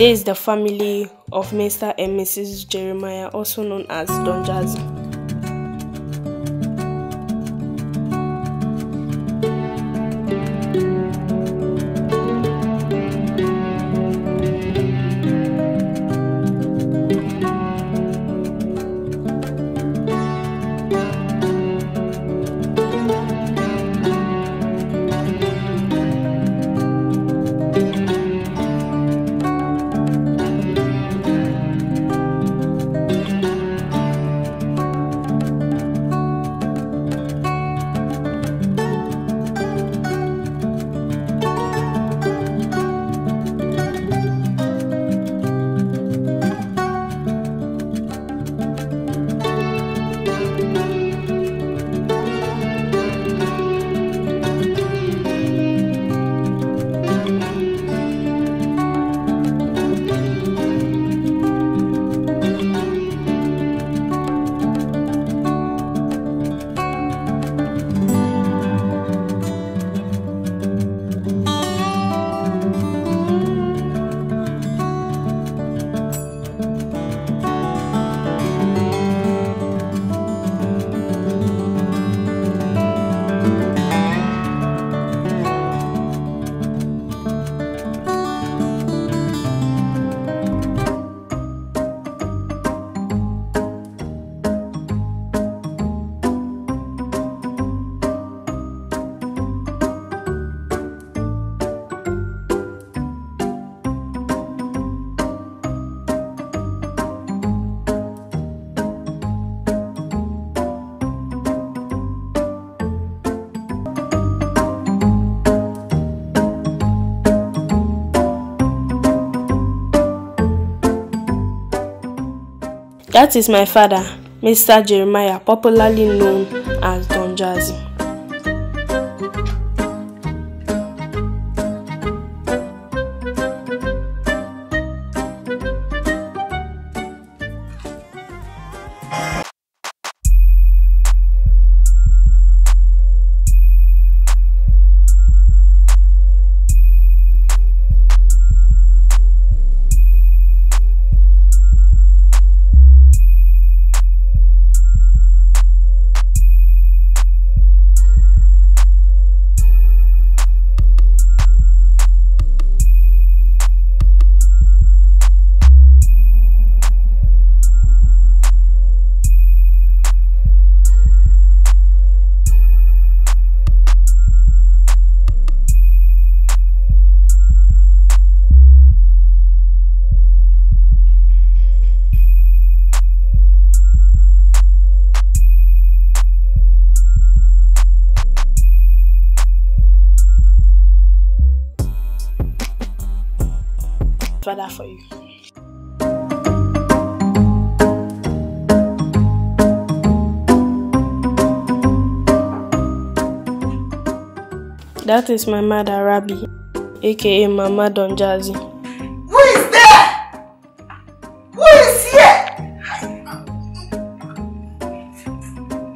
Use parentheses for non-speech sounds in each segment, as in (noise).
This is the family of Mr. and Mrs. Jeremiah, also known as Donjazi. That is my father, Mr. Jeremiah, popularly known as Don Jazzy. That is my mother, Rabi, aka Mama Don Jazzy. Who is there? Who is here?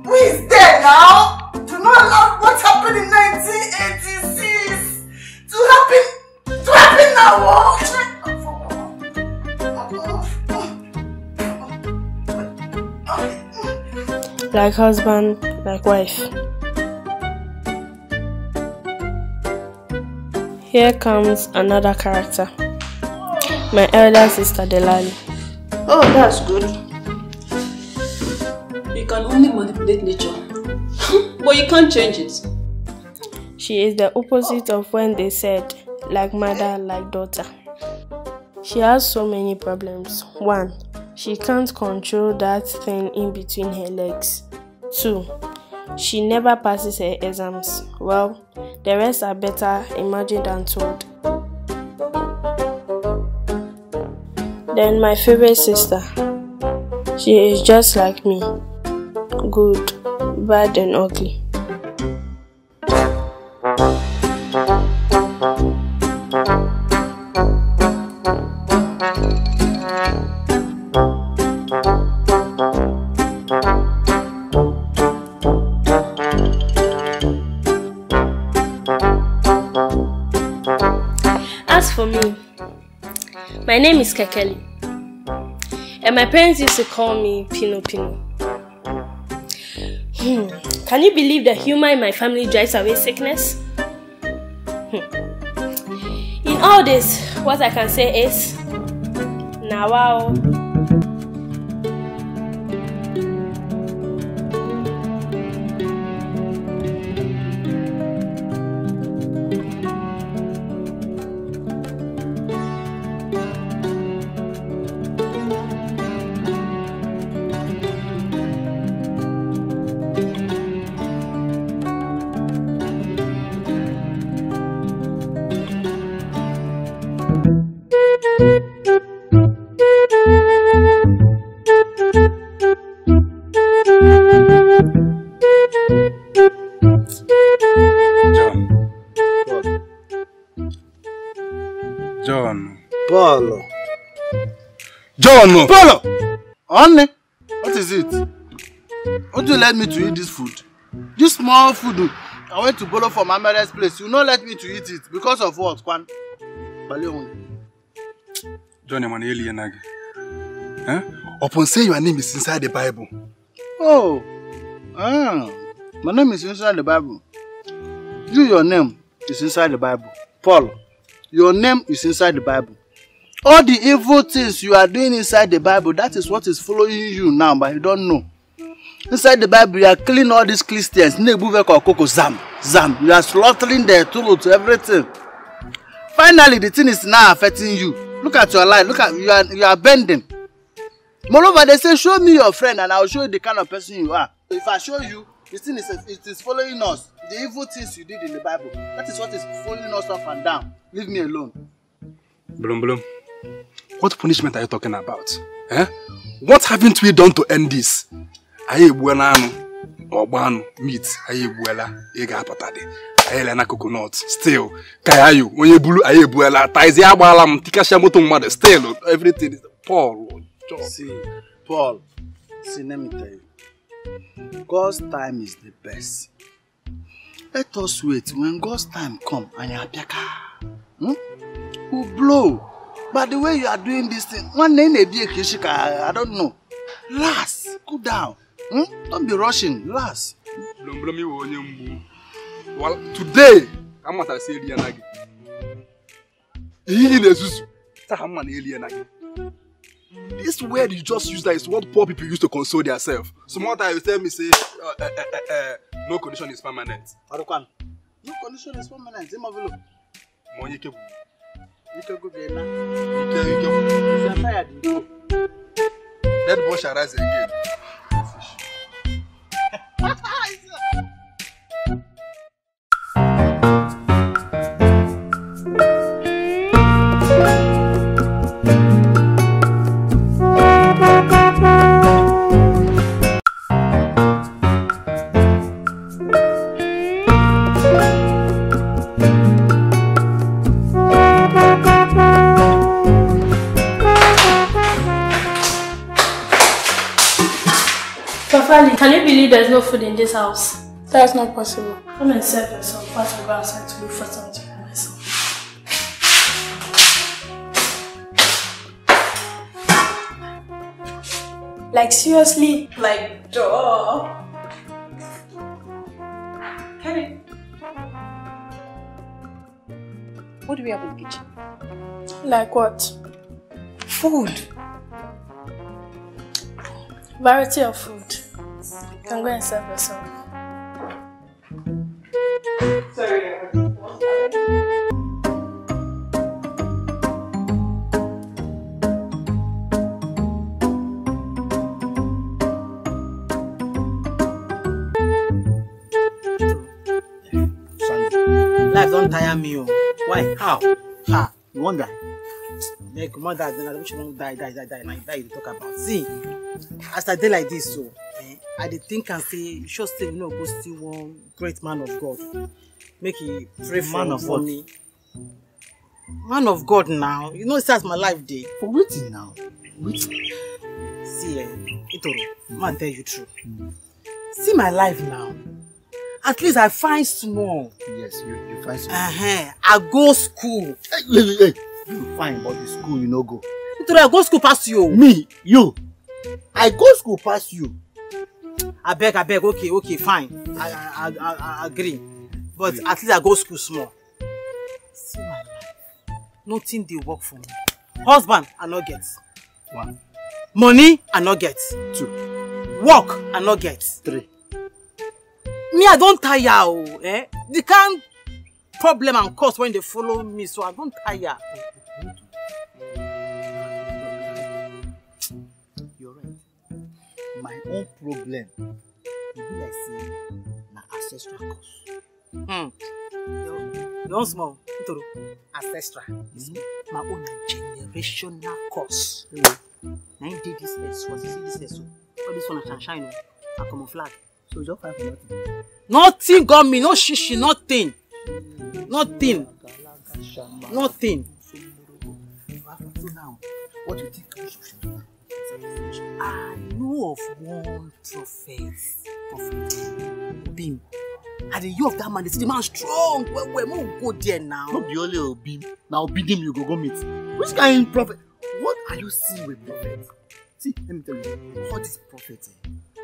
Who is there now? Do not allow what happened in 1986 to happen to happen now. Oh. Like husband, like wife. Here comes another character. My elder sister Delali. Oh, that's good. You can only manipulate nature, (laughs) but you can't change it. She is the opposite of when they said, like mother, like daughter. She has so many problems. One, she can't control that thing in between her legs. Two, she never passes her exams. Well, the rest are better imagined than told. Then my favorite sister. She is just like me. Good, bad and ugly. name is Kekeli, and eh, my parents used to call me Pino Pino. Hmm. Can you believe that humor in my family drives away sickness? Hmm. In all this, what I can say is, now wow. Bono. Bono. Honey, what is it? Won't you let me to eat this food? This small food I went to borrow from Amade's place. You not let me to eat it because of what, Kwan? John Emmanuel Yenagi. Huh? Eh? Upon say your name is inside the Bible. Oh. Ah. My name is inside the Bible. You, your name is inside the Bible. Paul, your name is inside the Bible all the evil things you are doing inside the bible that is what is following you now but you don't know inside the bible you are killing all these christians negbuveko koko zam zam you are slaughtering their truth everything finally the thing is now affecting you look at your life look at you are you are bending moreover they say show me your friend and i will show you the kind of person you are if i show you the thing is it is following us the evil things you did in the bible that is what is following us up and down leave me alone. Blum, blum. What punishment are you talking about? Eh? What haven't we done to end this? Anyị buena, anụ, ọgba meat, anyị buela, ị ga-apụta dị. Anyị ele na coconut, still, you? onye bulu, anyị buela. taizi agbaala tika tikasịa moto mmadụ, still, oh, everything is Paul. Oh, see, Paul, see, let me tell you, God's time is the best. Let us wait, when God's time come, anyị apịaka, hmm? Who blow? But the way you are doing this thing, one name may be kishika, I don't know. Relax, cool down. Hmm? Don't be rushing, relax. Well, today, I'm not a alien again. He is I'm an alien again. This word you just used that is what poor people use to console themselves. So, more time you tell me say, uh, uh, uh, uh, no condition is permanent. Arukan, no condition is permanent. Money cable. ndatiboshara zengeni (laughs) Can you believe there's no food in this house? That's not possible. Come and serve yourself first and go outside to look for something for myself. Like seriously? Like duh. Kenny. What do we have in the kitchen? Like what? Food. Variety of food. You can go and serve yourself. Sorry. Life don't tire me. Oh. Why? How? Ha! You wonder? Like mother, then I wish you don't die, die, die, die. Like die, you talk about. See? as i dey like this so eh, i dey think am say you sure say you no go see one great man of god make he pray for man of me man of god now you know say as my life dey. for wetin now wetin. see eh itoro ma tell you true mm. see my life now at least i find small. yes you you find small. Uh -huh. i go school. Hey, hey, hey. you fine but the school you no go. Itoro, I go school pass you. Me, you i go school pass you. abeg abeg okay okay fine i i i, I agree but Wait. at least i go school small. see my life nothing dey work for me husband i no get. one. money i no get. two. work i no get. three. me i don tire o oh, eh the kind problem and cost wey dey follow me so i don tire. my own problem e be like say na ancestral cause. Hmm. your your own small Itoro. ancestral is mm -hmm. my own generational cause. na im dey dis earth so you see this earth so all dis one na shine shine o na camouflage so you just find for nothing. nothing got me no shishi nothing nothing nothing. so now what you think i should do. I know of one prophet, prophet Obim. At the year of that man, they see the man strong. Where, where we go there now. Not the only Obim. Now Obidim you go go meet. Which kind of prophet? What are you seeing with prophet? See, let me tell you, all this prophet,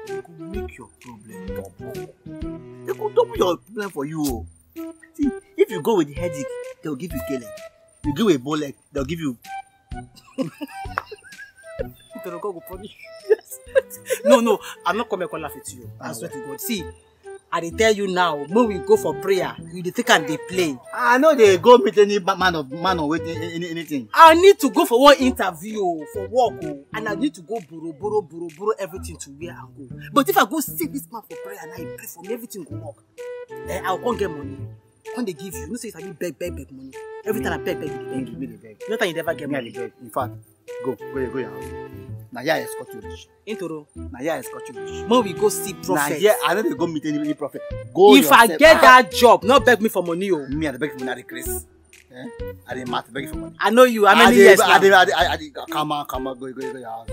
eh, go make your problem double. They go double your problem for you. Oh. See, if you go with the headache, they'll give you killing. You go with bowleg, they'll give you. (laughs) Dorogo go punish (laughs) you. no, no, I'm not coming to laugh at you. Ah, I swear to God. See, I dey tell you now, when we go for prayer, you dey think am dey play. I no dey go meet any man of man or wait any anything. I need to go for one interview for work o, oh. and I need to go borrow borrow borrow borrow everything to where I go. But if I go see this man for prayer and I pray for me, everything go work. Then eh, I go come get money. Come dey give you. You know say you sabi beg beg beg money. Every time I beg beg you dey beg. You know that you never get money. In fact, go go here go here. house na here i escort you reach. ntoro na here i escort you reach. make we go see prophet. na here i no dey go meet any any prophet. go if yourself if i get out. that ah. job no beg me for money o. Oh. me i dey beg for money i dey craze. Eh? I dey mat beg for money. I know you. How many years now? I dey I dey I dey come on come on go go go your house.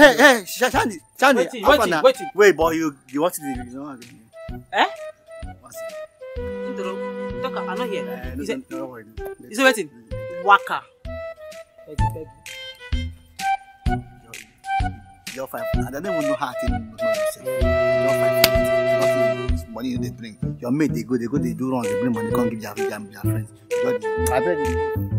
Hey hey Shandi Shandi. Wetin wetin wetin. Wait boy you you want the? dey you no wan gree. Eh? Ntoro talk am I no hear. Eh, you say you say wetin? Waka peggy. You're fine. And I don't even know how to know yourself. You're fine. money they bring. Your mate they go, they go, they do wrong, they bring money, come give their, their, their friends. I bet you.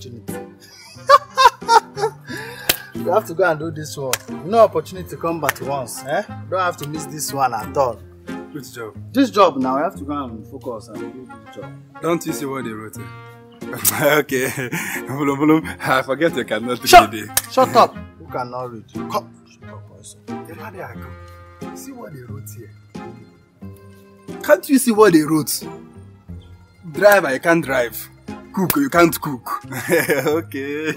opportunity. you have to go and do this one. No opportunity to come back once. Eh? You don't have to miss this one at all. Which job? This job now. I have to go and focus and do this job. Don't you see what they wrote? here? (laughs) okay. (laughs) Bulum, bulum. I forget you cannot Shut, read it. Shut up. (laughs) Who cannot read? Come. Shut up, boys. See what they wrote here. Can't you see what they wrote? Driver, I can't drive cook, you can't cook. (laughs) okay.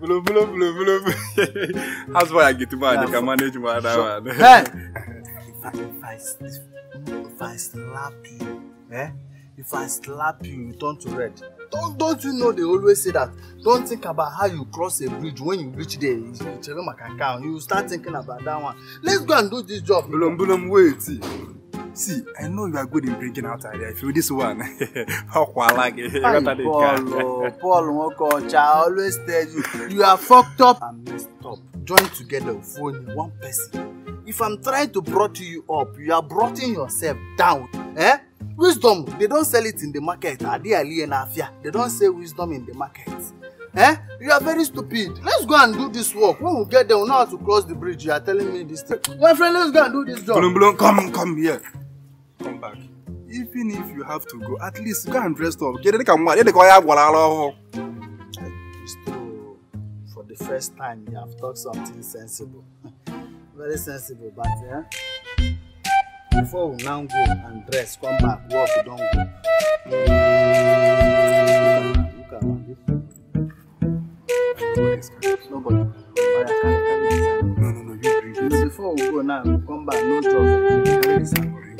blow, blow, blow, blow. That's why I get to man, they can manage my other one. Hey! if (laughs) I, if I slap you, eh? If I slap you, you turn to red. Don't, don't you know they always say that? Don't think about how you cross a bridge when you reach there. You start thinking about that one. Let's go and do this job. Bulum, bulum, wait. See, I know you are good in bringing out ideas. If you this one, (laughs) how like it? Paul, oh, Paul, coach, I always tell you, you are fucked up and messed up. Join together, only one person. If I'm trying to brought you up, you are broughting yourself down. Eh? Wisdom, they don't sell it in the market. Adi Ali and Afia, they don't sell wisdom in the market. Eh? You are very stupid. Let's go and do this work. When we get there, we know how to cross the bridge. You are telling me this thing. My friend, let's go and do this job. Blum, blum, come, come here even if you have to go at least go and rest up jede dịka mmadụ ịdịka ọya gwara ara ọhụụ for the first time you have talked something sensible (laughs) very sensible but eh? before we now go and dress come back work don go. No, no, no, you bring this. Before we go now, come back, no trouble.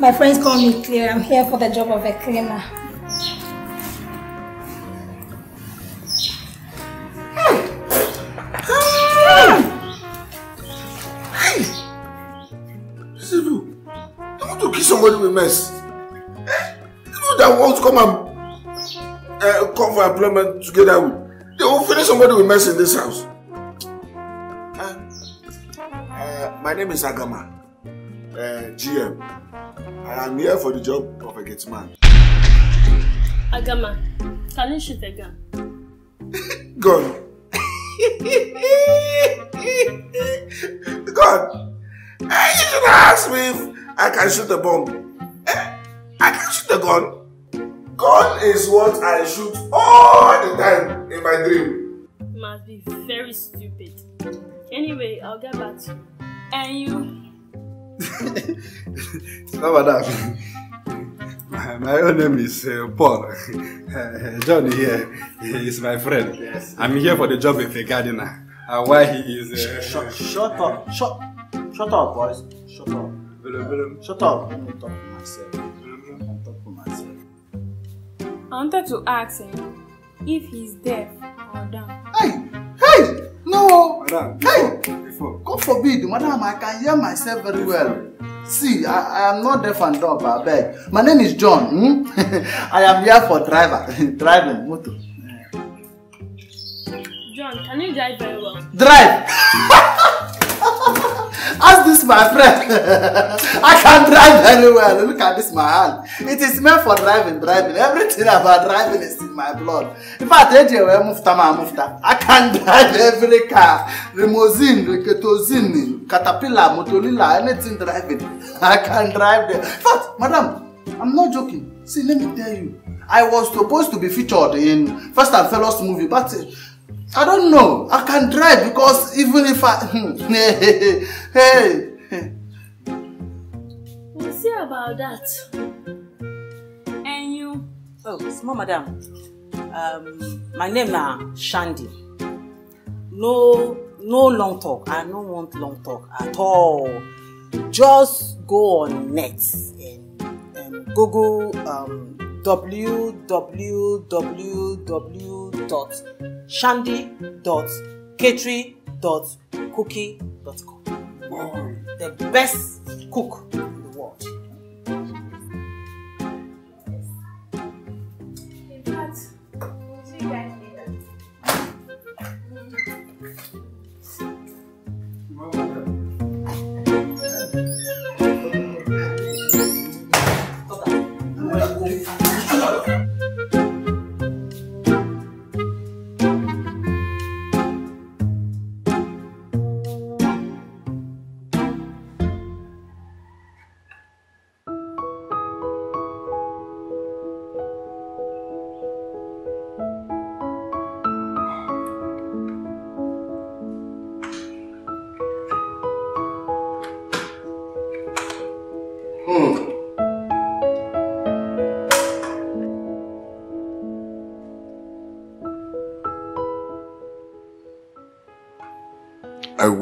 My friends call me Claire. I'm here for the job of a cleaner. Sivu, you want somebody with mess? Eh? You know that wants to come and uh, come for employment together with. They will finish somebody with mess in this house. Uh, uh, my name is Agama. uh, eh, GM. I am here for the job of a gate man. Agama, can you shoot a gun? Gun. God, hey, you should ask me if I can shoot a bomb. Hey, eh, I can shoot a gun. Gun is what I shoot all the time in my dream. must be very stupid. Anyway, I'll get back to you. And you no, madam. My, my own name is uh, Paul. (laughs) Uh, John here is my friend. Yes. I'm here for the job with the gardener. And why he is. Uh, shut, shut up. Shut, shut up, boys. Shut up. Shut up. Let me talk to myself. Blum, blum. I talk myself. I wanted to ask him if he's deaf No. Madam, before, hey. before. God forbid, madam, I can hear myself very well. See, I, I am not deaf and dumb, I beg. My name is John. Hmm? (laughs) I am here for driver, (laughs) driving motor. John, can you drive very well? Drive! (laughs) Ask this my friend. (laughs) I can drive very well. Look at this my hand. It is meant for driving, driving. Everything about driving is in my blood. In fact, AJ were mufta ma mufta. I can drive every car. Limousine, Riketozine, Caterpillar, Motolila, anything driving. I can drive them. In fact, madam, I'm not joking. See, let me tell you. I was supposed to be featured in First and Fellows movie, but eh, I don't know. I can drive because even if I. hey, (laughs) hey, hey. We'll see about that. And you? Oh, small madam. Um, my name na Shandy. No, no long talk. I no want long talk at all. Just go on net and, and Google um, www www.shandy.catry.cookie.com. Wow. The best cook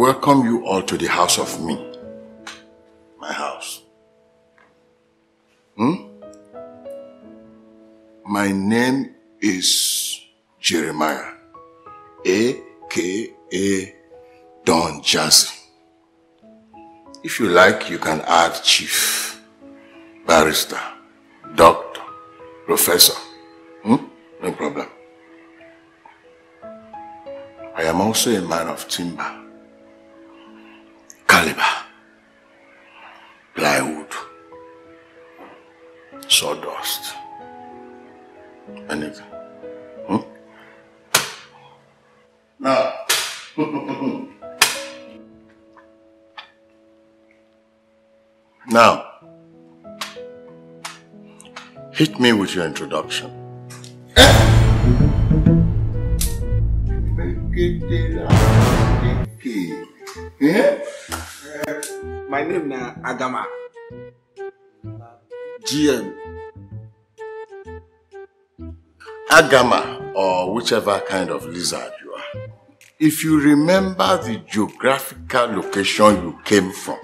welcome you all to the house of me, my house. Hmm? My name is Jeremiah, a.k.a. Don Jazzy. If you like, you can add chief, barrister, doctor, professor. Hmm? No problem. I am also a man of timber caliber, plywood, sawdust, anything. Hmm? Now, (laughs) now, hit me with your introduction. My name na Agama. GM. Agama, or whichever kind of lizard you are, if you remember the geographical location you came from,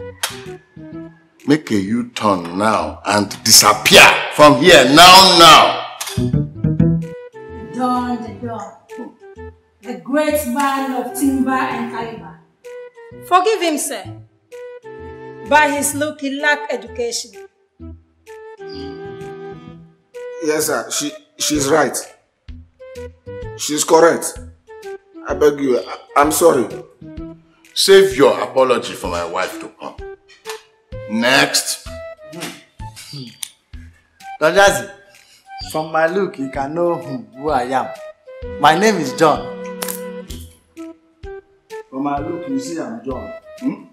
make a U-turn now and disappear from here now, now. Don the door, the great man of timber and caliber. Forgive him, sir. by his look, he lack education. Yes, sir. She she's right. She's correct. I beg you. I, I'm sorry. Save your apology for my wife to come. Next. Dadazi, from my look, you can know hmm, who I am. My name is John. From my look, you see I'm John. Hmm?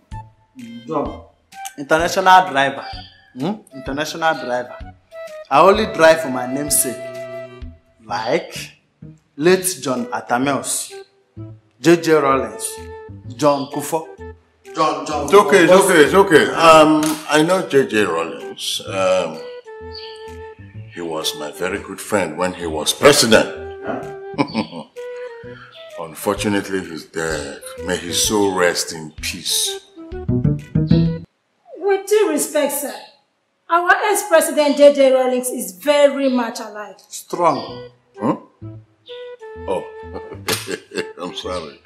John. international driver. Hmm? International driver. I only drive for my namesake. Like late John Atamels, JJ Rollins, John Kufo. John, John. It's okay, it's okay, it's okay. Um, I know JJ Rollins. Um, he was my very good friend when he was president. (laughs) Unfortunately, he's dead. May his soul rest in peace. With due respect, sir, our ex-president J.J. Rawlings is very much alive. Strong. Huh? Oh, (laughs) I'm sorry.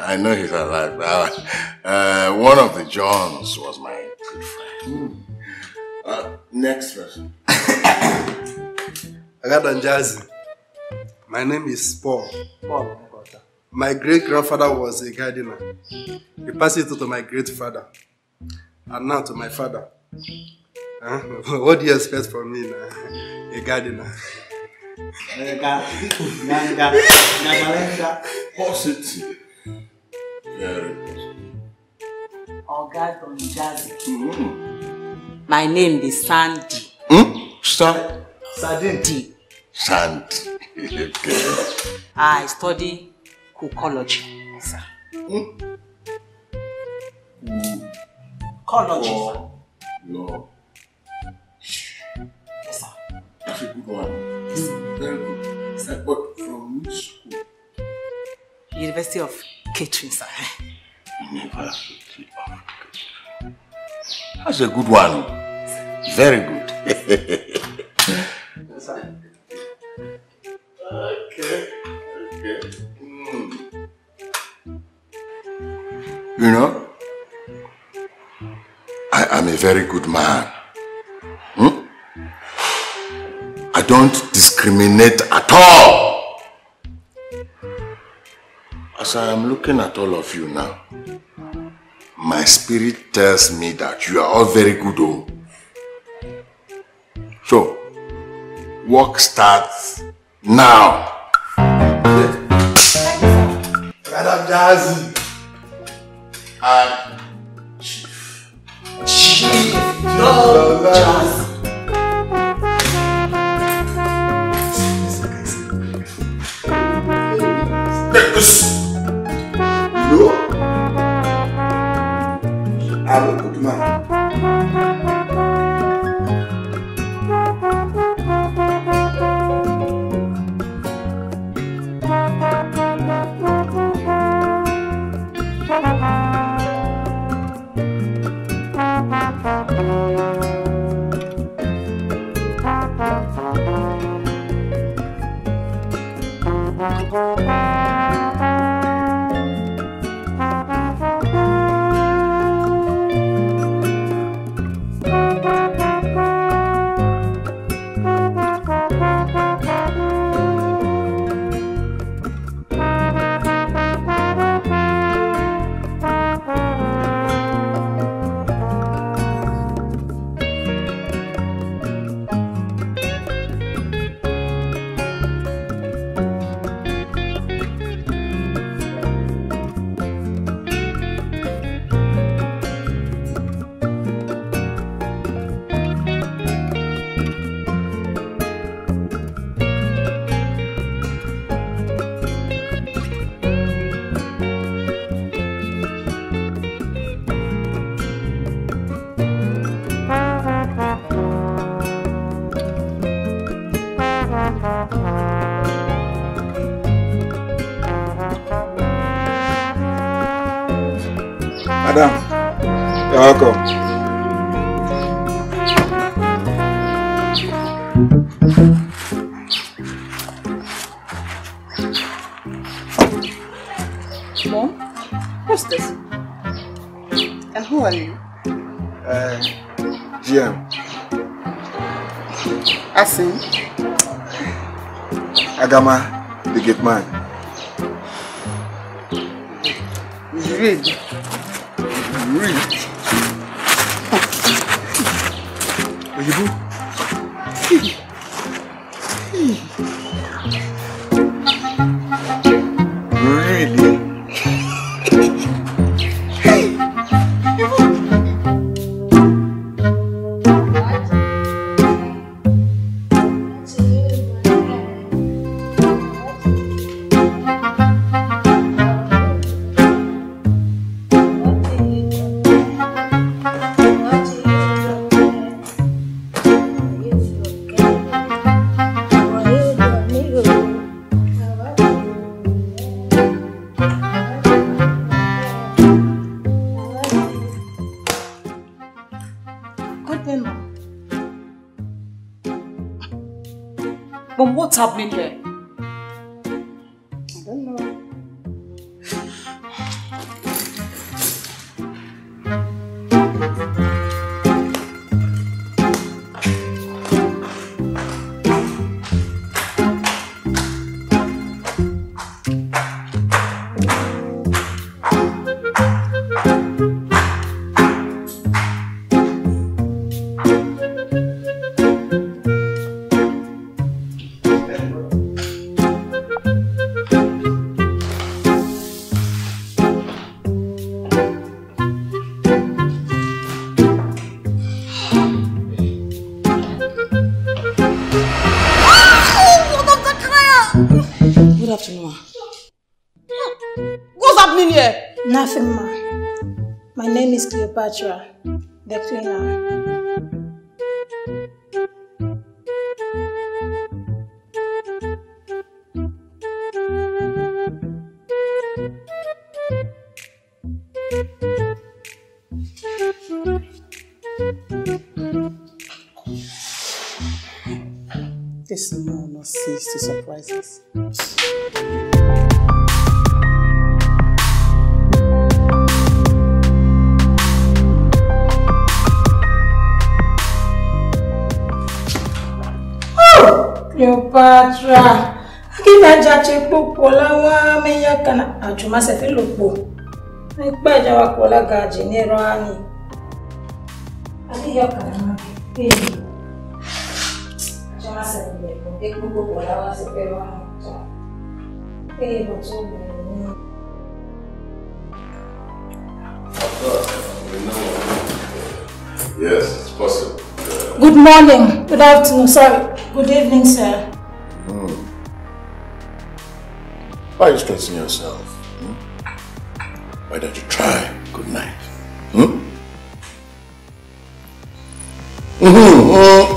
I know he's alive. Uh, uh, one of the Johns was my good friend. Mm. Uh, next person. (coughs) Jazzy. My name is Paul. Paul. My great grandfather was a gardener. He passed it to my great father. and now to my father. Huh? (laughs) what do you expect from me now? A gardener. Eh, mm-hmm. My name is Sandy. Hmm? Sa Sandy. Sandy. okay. Ah, I study cookology, sir. Hmm? Mm. Call Lord Jesus. Lord. Yes, sir. That's a good one. Yes. Very good. Sir, but from which school? University of Catering, sir. University of Catering. That's a good one. Very good. yes, sir. Okay. Okay. Mm. You know? a very good man. Hmm? I don't discriminate at all. As I am looking at all of you now, my spirit tells me that you are all very good. Oh. So, work starts now. Madam Jazzy. 一步。discipline ka Cleopatra, the cleaner. ra akinajache kpokuola nwa meya aka na ajumasefilokpo ikpe ajawakuola gaji n'ịrụ anyị adịghị ọkara na peji ajamasefilokpo ekpokuola nwa sefere ọhụrụ taa ee bụtụ ụgbọ Yes, it's possible. Yeah. Good morning. Good afternoon. Sorry. Good evening, sir. Why are you stressing yourself? Hmm? Why don't you try? Good night. Hmm? Mm-hmm. Mm -hmm.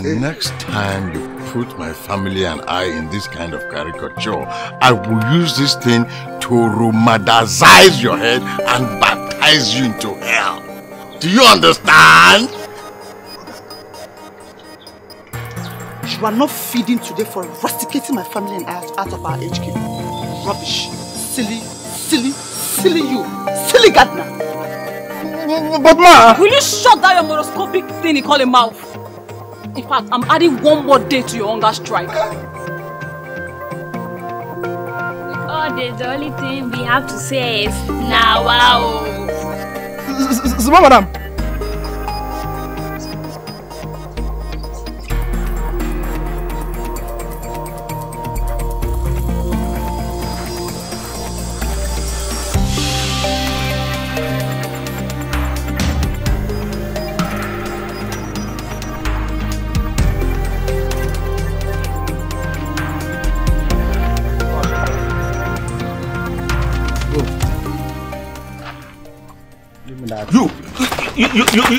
the next time you put my family and I in this kind of caricature, I will use this thing to romanticize your head and baptize you into hell. Do you understand? You are not feeding today for rusticating my family and I out of our HQ. Rubbish. Silly, silly, silly you. Silly gardener. But ma! Will you shut down your moroscopic thing you call a mouth? In fact, I'm adding one more day to your hunger strike. Oh, the only thing we have to save. Now, wow. Zuma, madam.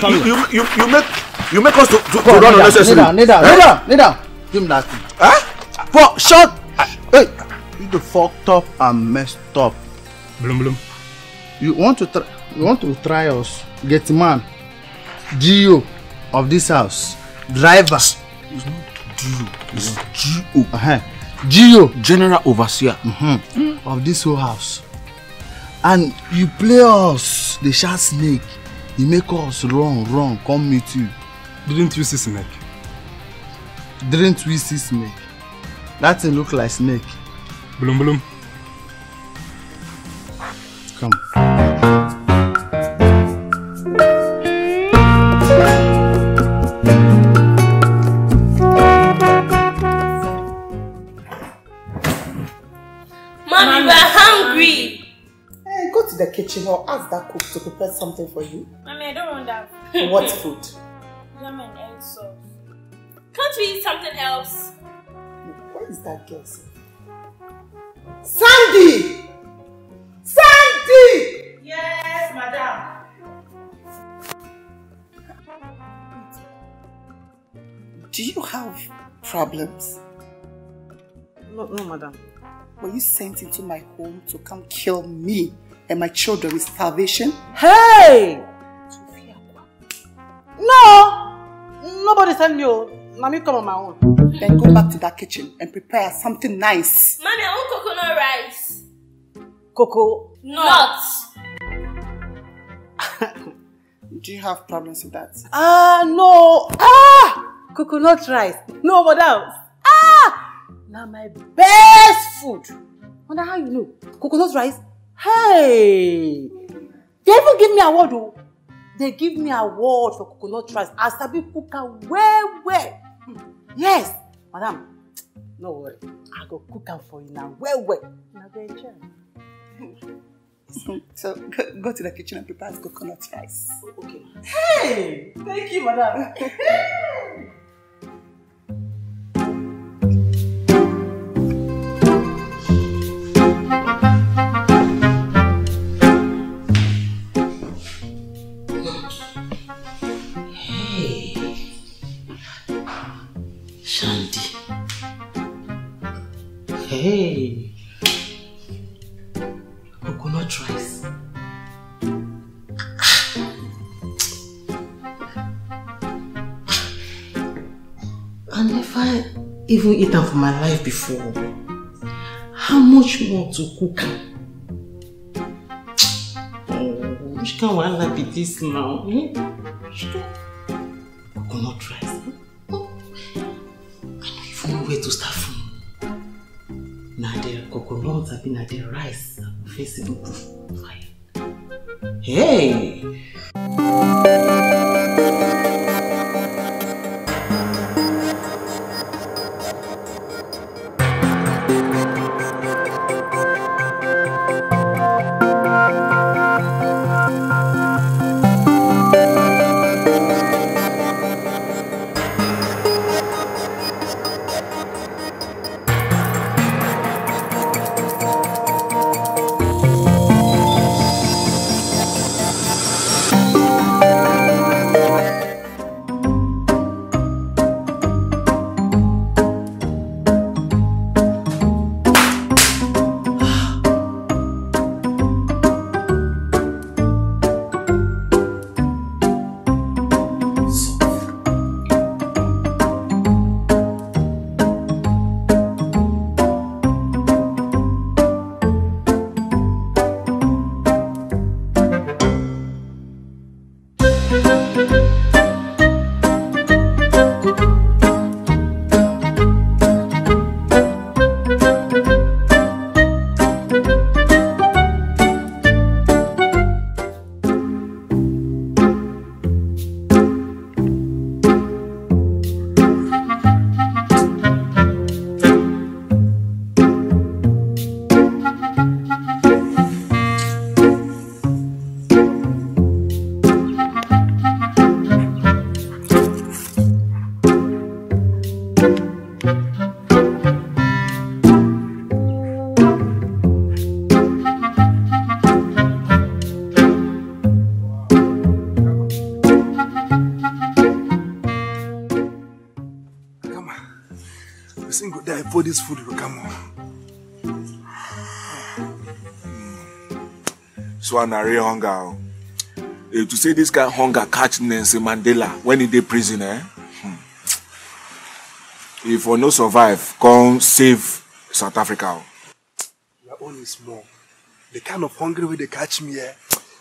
coming. You, you, you make you make us to, to, Paul, to run unnecessary. Kneel down, kneel down, eh? kneel Give me that thing. Huh? Paul, shut. Hey, you the fucked up and messed up. Blum blum. You want to try? You want to try us? Get man, Geo of this house, driver. It's not Geo. It's Geo. Uh -huh. Geo. General overseer mm -hmm. of this whole house. And you play us the shark snake He make us run, run, come meet you. Didn't you see snake? Didn't we see snake? That thing look like snake. Bloom bloom. Come. that cook to prepare something for you? Mommy, I don't want that. (laughs) what food? Lemon and egg sauce. Can't we eat something else? Where is that girl? Sandy! Sandy! Yes, madam. Do you have problems? No, no, madam. Were you sent into my home to come kill me and my children with starvation? Hey! No! Nobody send me. me come on my own. Then go back to that kitchen and prepare something nice. Mommy, I want coconut rice. Coco? Nuts. (laughs) Do you have problems with that? Ah, uh, no. Ah! Coconut rice. No, what else? Ah! Now my best food. Wonder how you know. Coconut rice Hey! They even give me a award. Oh. They give me a award for coconut rice. I sabi cook am well, well. Hmm. Yes, madam. No worry. I go cook am for you now. Well, well. Now go (laughs) so go, go to the kitchen and prepare coconut rice. Okay. Hey! Thank you, madam. (laughs) even eaten for my life before. How much more to cook? Oh, which can wahala be this now? Eh? I Coconut rice. Oh, I don't even know where to start from. Now the coconuts have been at the rice. Facing fire. Hey! this food will come on. Hmm. So I'm a real hunger. Oh. Eh, to say this kind hunger catch nancy Mandela when he did prison, eh? Hmm. If we no survive, come save South Africa. Oh. Your own is small. The kind of hungry way they catch me, eh?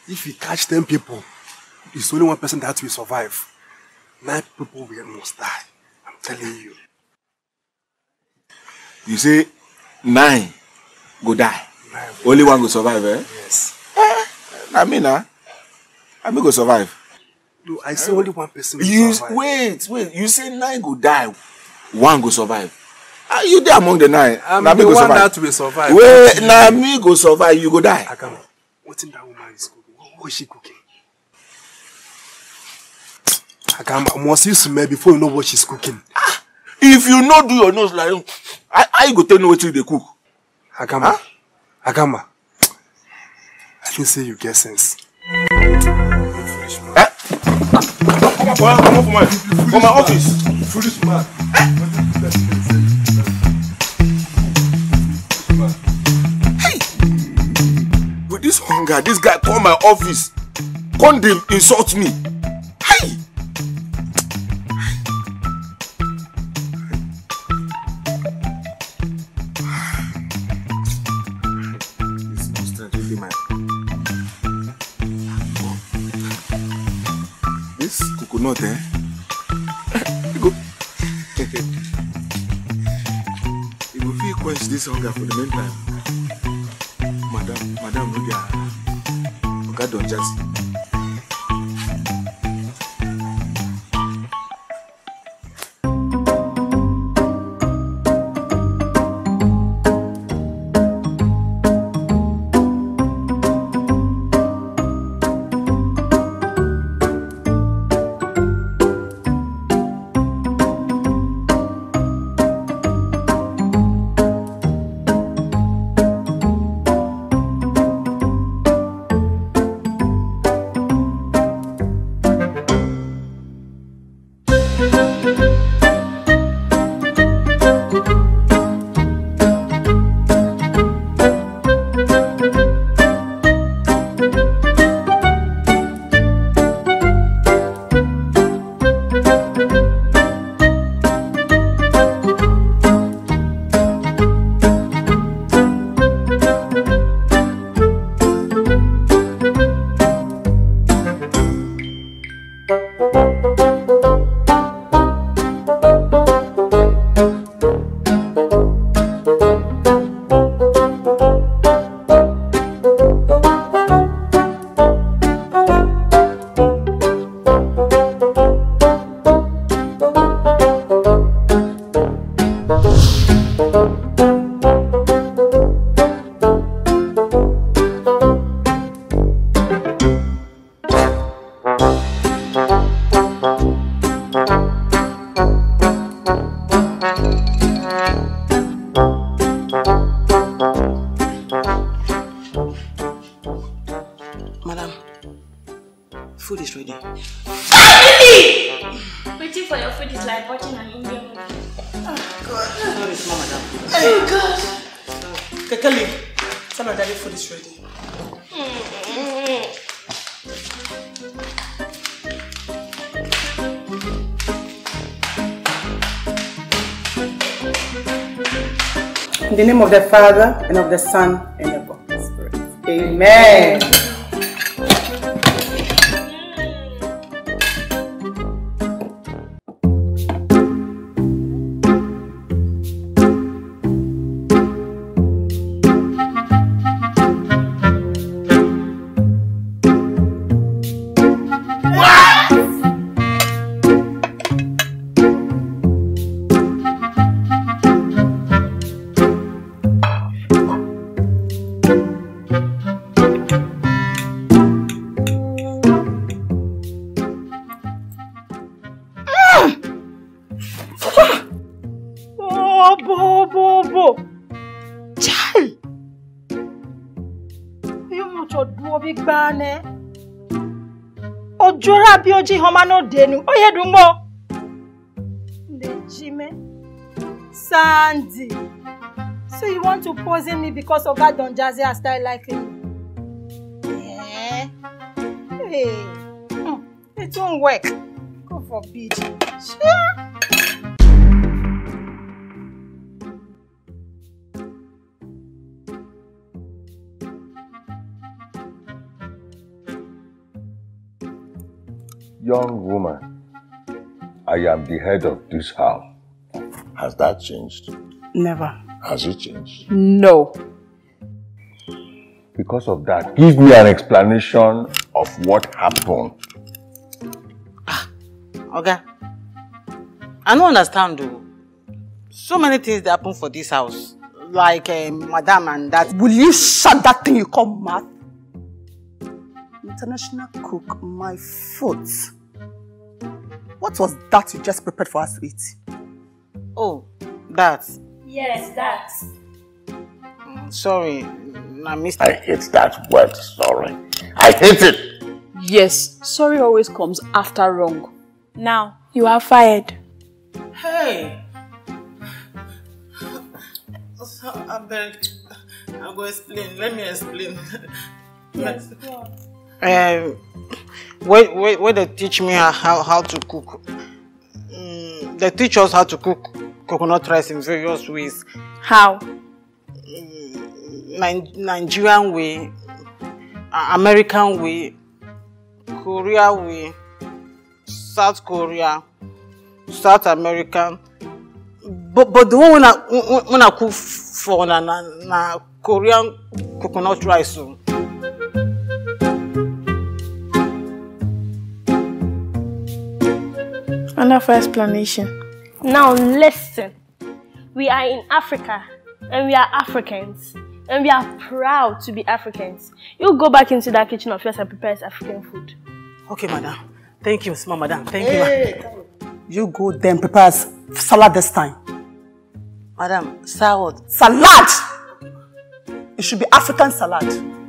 If we catch 10 people, it's only one person that will survive. Nine people will must die. I'm telling you you say nine go die nine. only one go survive eh? yes eh, na me na I me ah, go survive. no i say only one person go you, wait wait you say nine go die one go survive ah you dey among the nine I'm na me go survive. i'm the one survive. wait na me go survive you go die. akama wetin dat woman is cooking what is she cooking. akama must you smell before you know what she's cooking. ah if you no do your nose like how you go tell me wetin you dey cook. agama huh? agama i feel say you get sense. Eh? Come on, come on, come on. For my office. Foolish man. Hey! With this hunger, this guy call my office. Come dey insult me. got for the meantime? In the name of the Father, and of the Son, and of the Holy Spirit. Amen. Amen. denu Oyedunmo Jimé Sandy so you want to poison me because of that Don Jazzy has started liking me yeah. Eh, eh, hey hmm, it won't work God forbid sure. young woman, I am the head of this house. Has that changed? Never. Has it changed? No. Because of that, give me an explanation of what happened. Ah, okay. I don't understand though. So many things that happen for this house. Like uh, madam and that. Will you shut that thing you call mad? international cook my food. What was that you just prepared for us to eat? Oh, that. Yes, that. Mm, sorry, I missed I hate that word, sorry. I hate it. Yes, sorry always comes after wrong. Now, you are fired. Hey! I beg, I'll go explain. Let me explain. Yes, um, where, where, where they teach me how, how to cook. Um, they teach us how to cook coconut rice in various ways. How? Mm, Nigerian way, American way, Korea way, South Korea, South American. But, but the one when I, when I cook for na, na, na Korean coconut rice, so, oh, Enough explanation. Now listen. We are in Africa and we are Africans and we are proud to be Africans. You go back into that kitchen of yours and prepare African food. Okay, madam. Thank you, small madam. Thank hey. you. you go then prepare salad this time. Madam, salad. Salad! It should be African salad.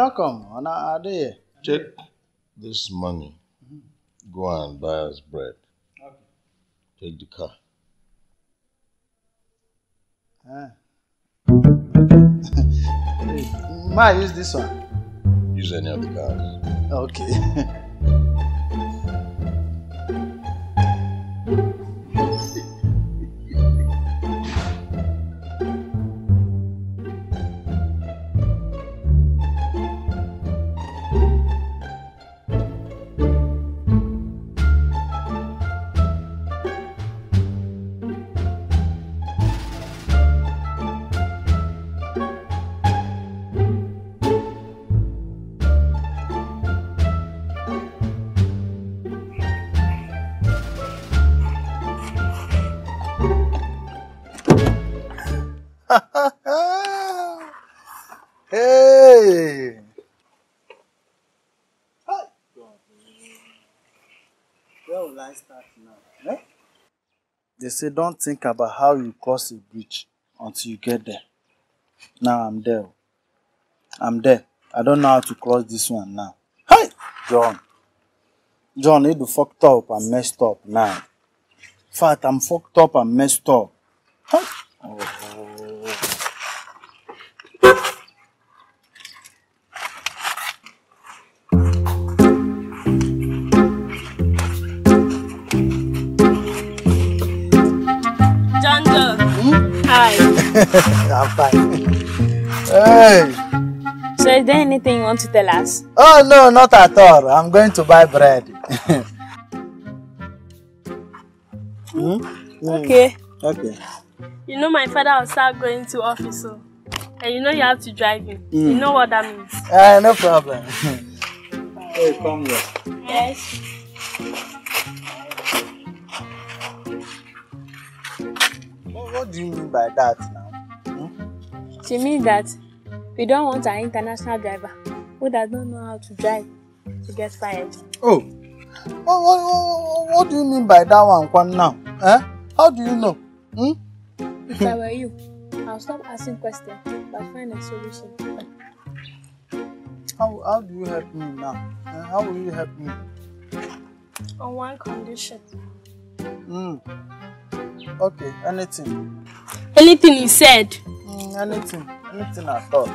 don't come. I'm not there. Take this money. Mm-hmm. Go and buy us bread. Okay. Take the car. Ah. (laughs) May use this one? Use any of the cars. Okay. (laughs) they say don't think about how you cross a bridge until you get there. Now I'm there. I'm there. I don't know how to cross this one now. Hey, John. John, you fucked up and messed up now. In fact, I'm fucked up and messed up. Hey. Oh. hey. So is there anything you want to tell us? Oh no, not at all. I'm going to buy bread. hmm? hmm? hmm. Okay. Okay. You know my father will start going to office so and you know you have to drive him. Mm. You hmm. know what that means. Uh, no problem. hey, come here. Yes. what do you mean by that now? She means that we don't want an international driver who does not know how to drive to get fired. Oh, what, what, what do you mean by that one, Kwan, now? Eh? How do you know? Hmm? If I were you, I'll stop asking questions but find a solution. How, how do you help me now? Eh? How will you help me? On one condition. Hmm. Okay, anything. Anything you said. Mm, anything, anything at all.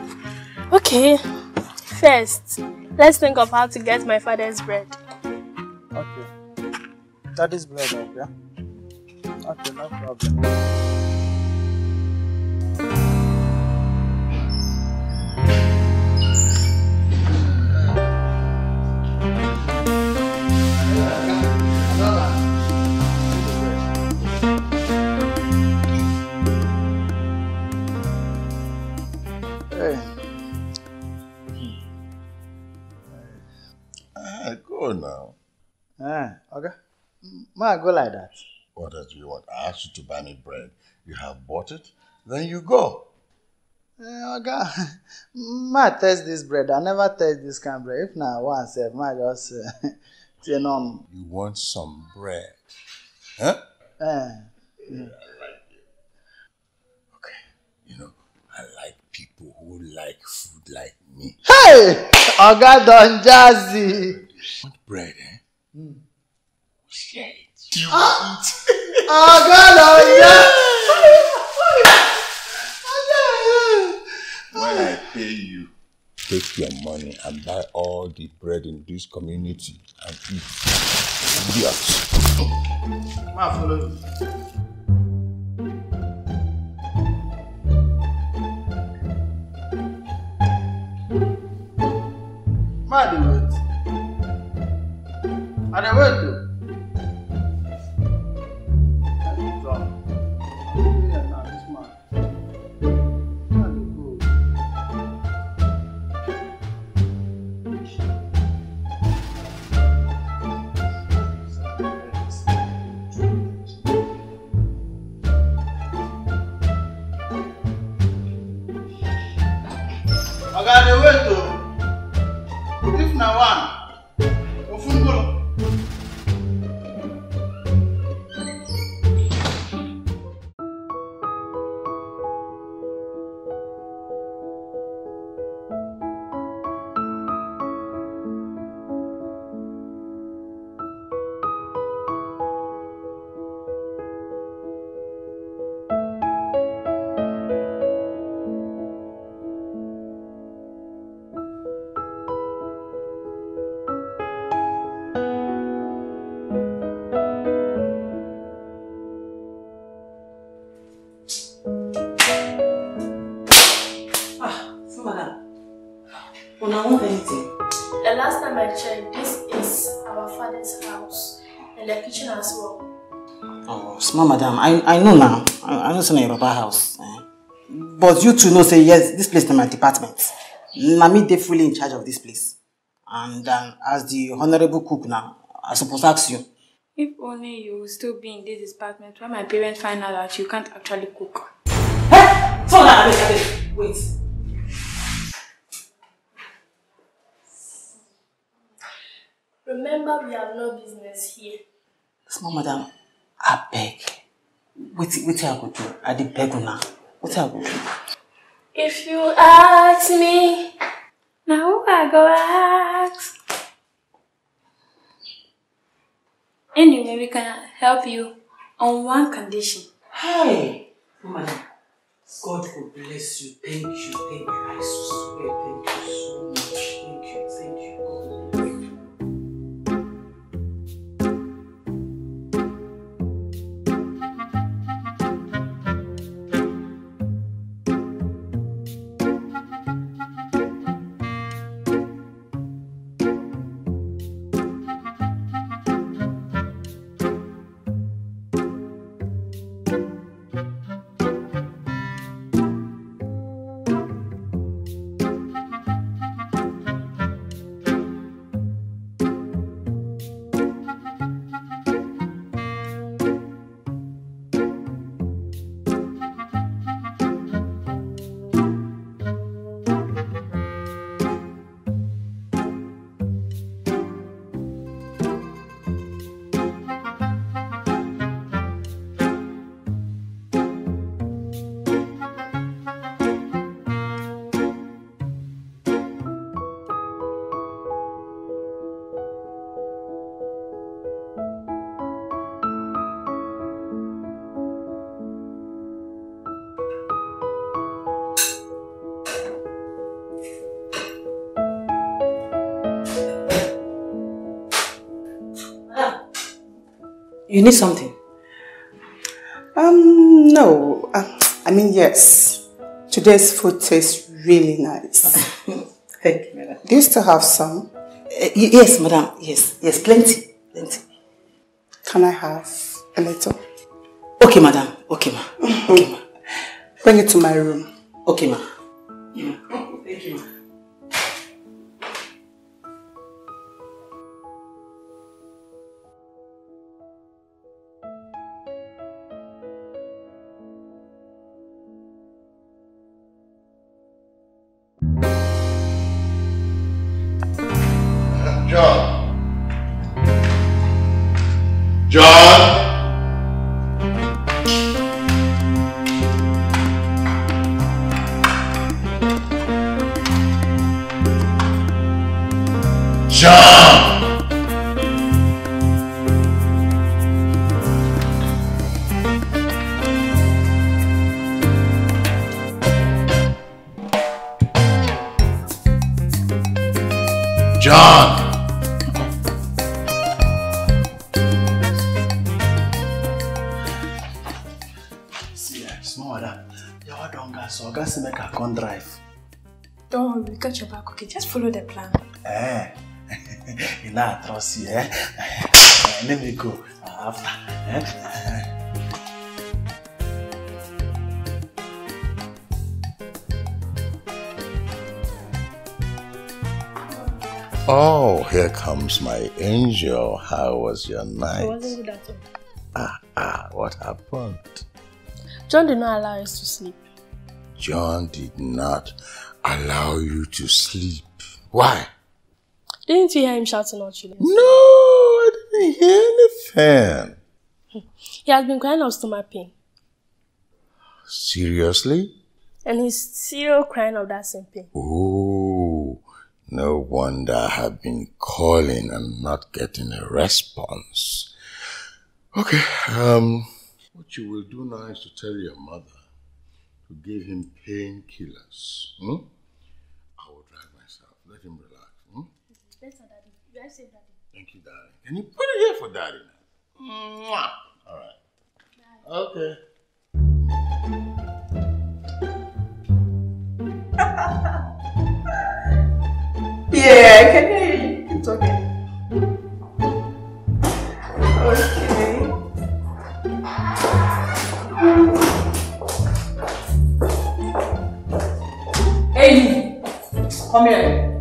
Okay, first, let's think of how to get my father's bread. Okay, daddy's bread, okay? Okay, no problem. No, no. Ah, okay. Ma, go like that. What else do you want? I asked you to buy me bread. You have bought it. Then you go. Uh, eh, Oga, okay. (laughs) ma taste this bread. I never taste this kind of bread. If not once, if ma just uh, turn on. You want some bread? Huh? Uh, yeah, Okay, you know, I like people who like food like me. Hey! Oga Don Jazzy! bread, eh? Mm. Shit. You ah! eat. (laughs) oh, God, oh, yeah. when I pay you, take your money and buy all the bread in this community and eat. Idiot. My follow My Madu. Olha apa no madam i i know now i know say na yoruba house eh? but you two know say yes This place is my department na they fully in charge of this place and um, as the honourable cook now, i suppose ask you if only you still be in this department when my parents find out that you can't actually cook Hey, so na wait wait remember we have no business here small madam I beg. Wetin wetin I go do? I dey beg now. Wetin I go do? If you ask me, now who I go ask? Anyway, we can help you on one condition. Hey, woman, God will bless you. Thank you, thank you. I swear, thank you. You need something? Um, no. Uh, I mean, yes. Today's food tastes really nice. (laughs) Thank you, madam. Do you still have some? Uh, yes, madam. Yes, yes, plenty, plenty. Can I have a little? Okay, madam. Okay, ma. Okay, ma. Bring it to my room. Okay, ma. Yeah. Eh? (laughs) Let me go after. Eh? Oh, here comes my angel. How was your night? I wasn't good at all. Ah, ah, what happened? John did not allow us to sleep. John did not allow you to sleep. Why? Didn't you hear him shouting to you? No, I didn't hear anything. (laughs) He has been crying out my pain. Seriously? And he's still crying out that same pain. Oh, no wonder I have been calling and not getting a response. Okay, um, what you will do now is to tell your mother to give him painkillers. Hmm? I will drive myself. Let him relax. Daddy. You Daddy. Thank you, Daddy. Can you put it here for Daddy now? Mwah. All right. Bye. Okay. (laughs) yeah, I can hear you. It's talking. Okay. Hey, Come here.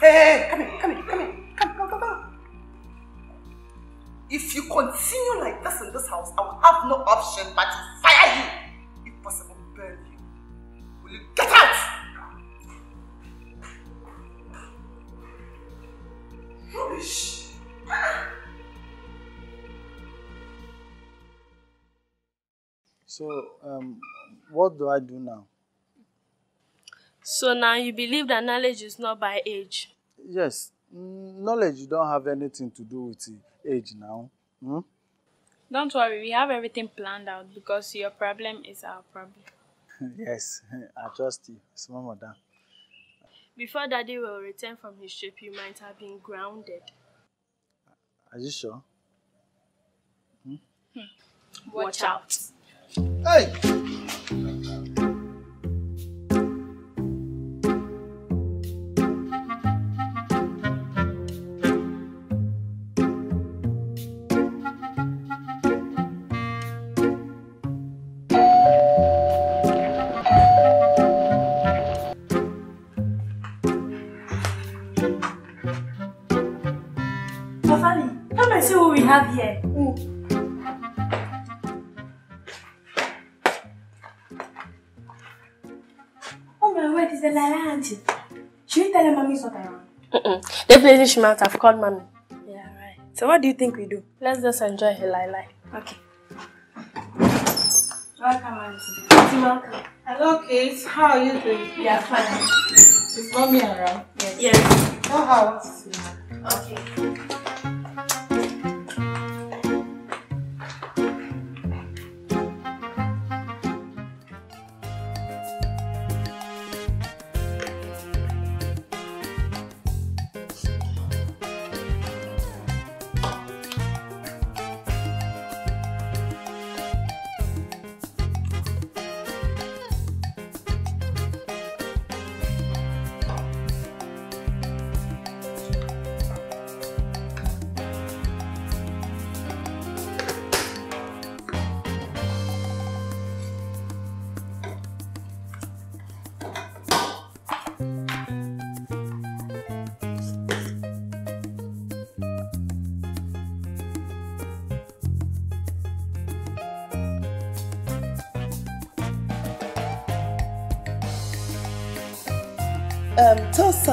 Hey, come here, come here, come here. Come, go, go, go. If you continue like this in this house, I will have no option but to fire you. If possible, burn you. Will you get out? Rubbish. So, um, what do I do now? So now you believe that knowledge is not by age? Yes. Mm, knowledge, you don't have anything to do with age now. Hmm? Don't worry, we have everything planned out because your problem is our problem. (laughs) yes, (laughs) I trust you. Small madam. Before daddy will return from his trip, you might have been grounded. Are you sure? Hmm? Hmm. Watch, Watch out. out. Hey! Finish, mouth, I've called mommy. Yeah, right. So what do you think we do? Let's just enjoy her lie lie. Okay. Welcome, Auntie. welcome. Hello, Kate. How are you doing? Yeah, fine. Is mommy around? Yes. Yes. Oh, how? Okay.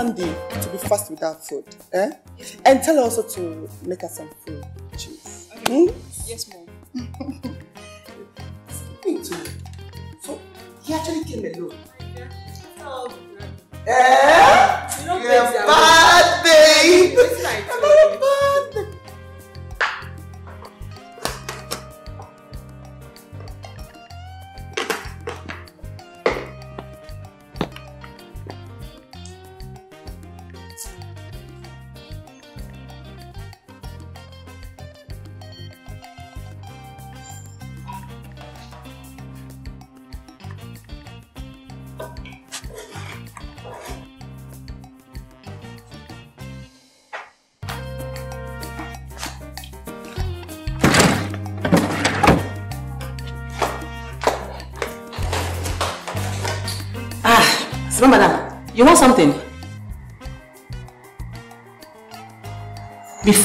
Sunday to be fast without food. Eh? and tell her also to make us some food. Cheese. Okay. Hmm? Yes, mom. (laughs) Me So he actually came alone. Yeah. Oh. Eh?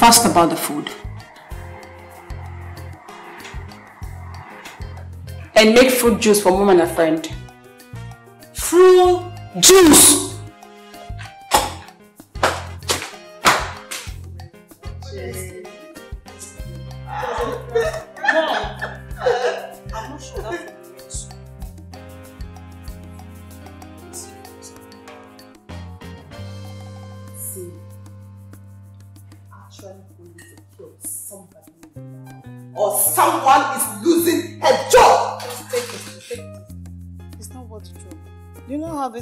Fast about the food. And make fruit juice for mom and a friend. Fruit juice!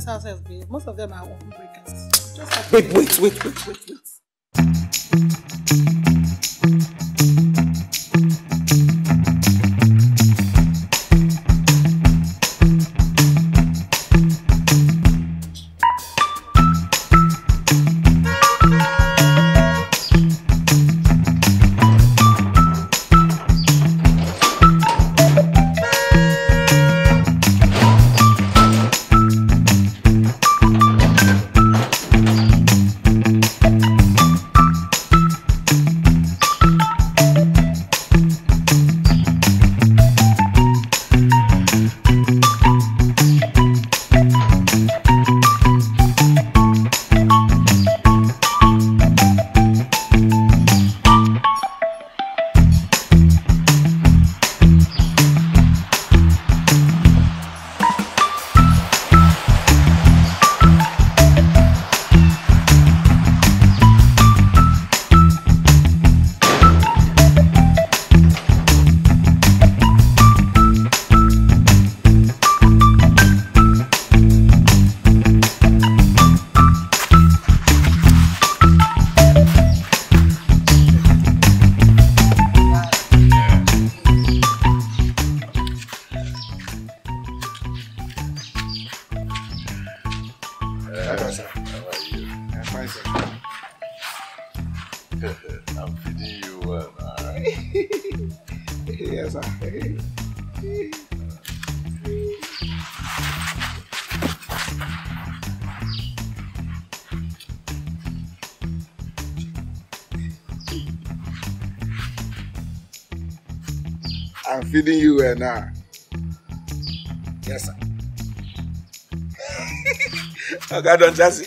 houses, babe. Most of them are home breakers. Just wait, wait, wait, wait, wait. there now. Yes, sir. I got on just.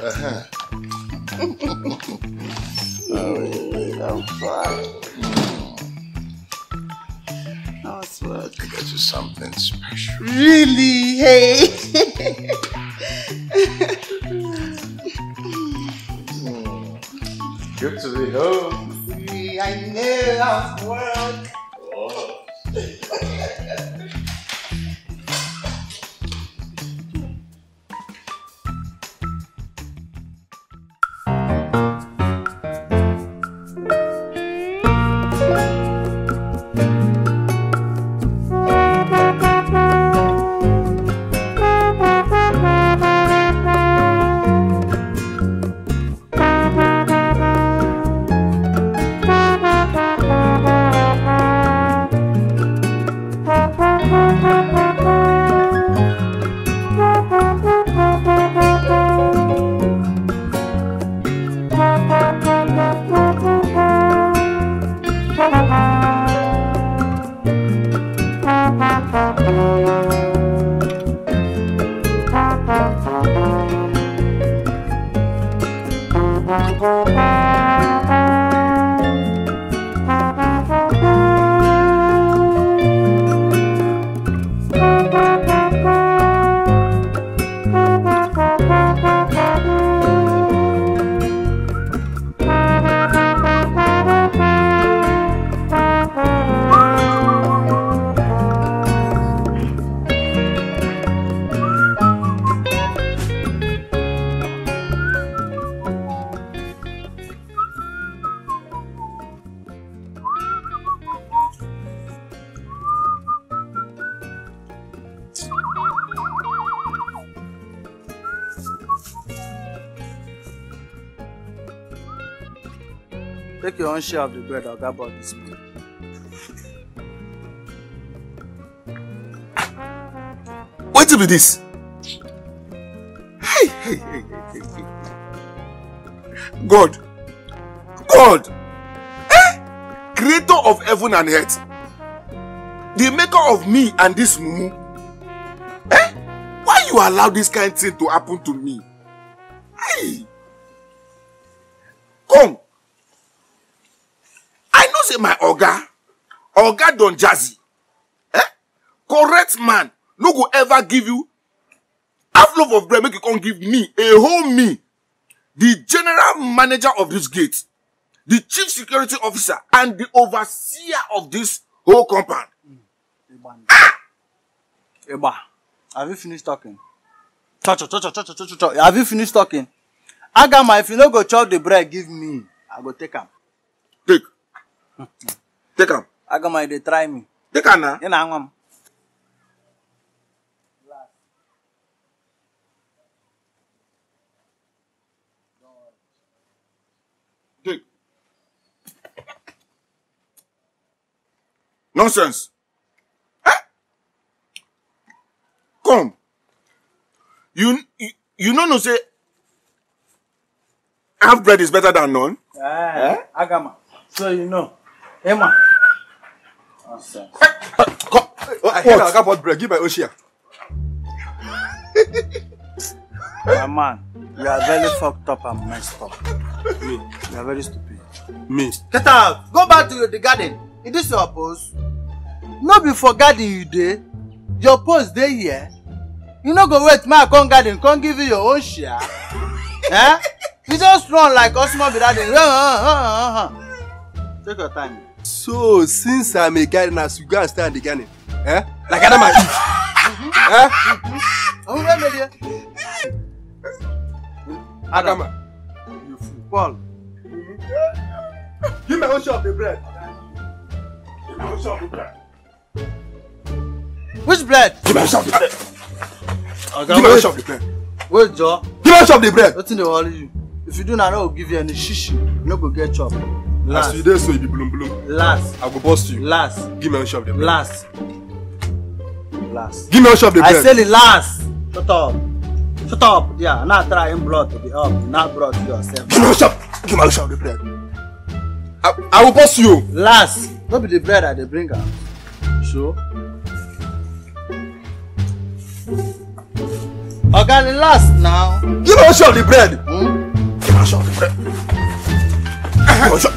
Uh-huh. Take your own share of the bread Oga bought this morning. Wetin be this? Hey, hey, hey, hey, hey, God, God, eh? Creator of heaven and earth, the maker of me and this mumu, eh? Why you allow this kind thing to happen to me? depend on jazzy eh? correct man no go ever give you half loaf of bread make you come give me a whole me the general manager of this gate the chief security officer and the overseer of this whole compound. Ah! Eba, have you finished talking? Chop, chop, chop, chop, chop, chop, chop. Have you finished talking? Agama, if you no go chop the bread, give me. I go take am. Take. take am. Aga ma you dey try me. Dịka na. Ị na-anwa m. Nonsense. Eh? Come. You you, you know no say half bread is better than none. Eh? Eh? Agama. So you know. Emma. Here, I got pot bread. Give my Oshia. My (laughs) man, you are very fucked up and messed up. You, you are very stupid. Me. Get out! Go back to the garden. It is your post. No be for garden you dey. Your post day here. You no go wait my I come garden come give you your own share. (laughs) eh? You just run like Osmo Bin Take your time so since i'm a guy na so you go and stay in the garden eh? like adama eat. (laughs) Eh? Oh, adama you fool paul give my own shop the bread give my own shop the bread. which bread. give my own shop the bread. oga give my own shop the bread. wait jor. give my own shop the bread. wetin dey worry you if you do na no go give you any shishi you no go get chop last you dey so you be bloom bloom last i go burst you last give me one shot of the bread. last last give me one shot of the bread. i say the last shut up shut up yeah now try him blood to be up now blood to yourself give me one shot give me one shot of the bread. i i will burst you last no be the bread i dey bring am so. oga the last now. give me a shot of the bread. Hmm? give me a shot of the bread. What's up?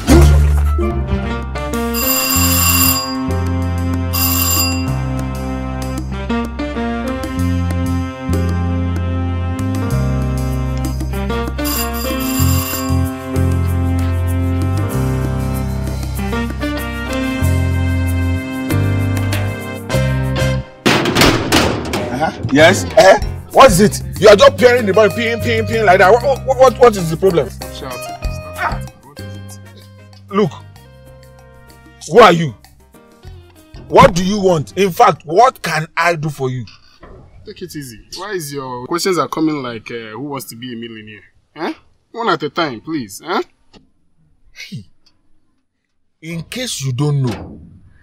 Yes? Eh? What's it? You are just peering the boy, peeing, peeing, peeing like that. What, what, what is the problem? look who are you what do you want in fact what can i do for you. take it easy why is your questions are coming like uh, who wants to be a millionaire eh? one at a time please. Eh? in case you don't know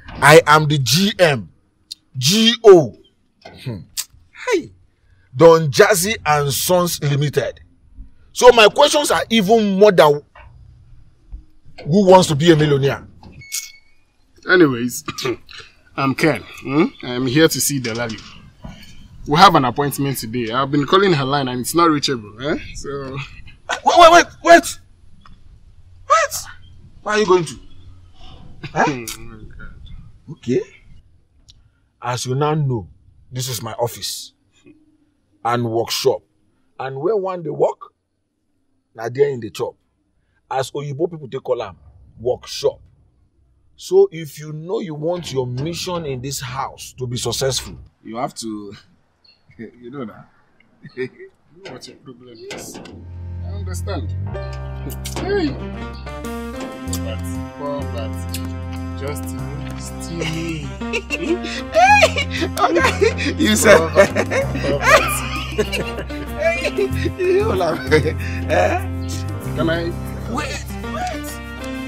i am the gm go hmm. hey. don jazzy and sons limited so my questions are even more than who wants to be a millionaire. Anyways, (clears throat) I'm Ken. Hmm? I'm here to see Delali. We have an appointment today. I've been calling her line and it's not reachable. Eh? So. Wait, wait, wait, wait! What? Where are you going to? Huh? Eh? (laughs) Oh okay. As you now know, this is my office and workshop. And where one they work, now they're in the shop as oyibo people take call am workshop so if you know you want your mission in this house to be successful you have to (laughs) you know that. (laughs) you your problem is i understand (laughs) hey but poor but just you know hey okay you said hey you know na. Can I Wait! Wait!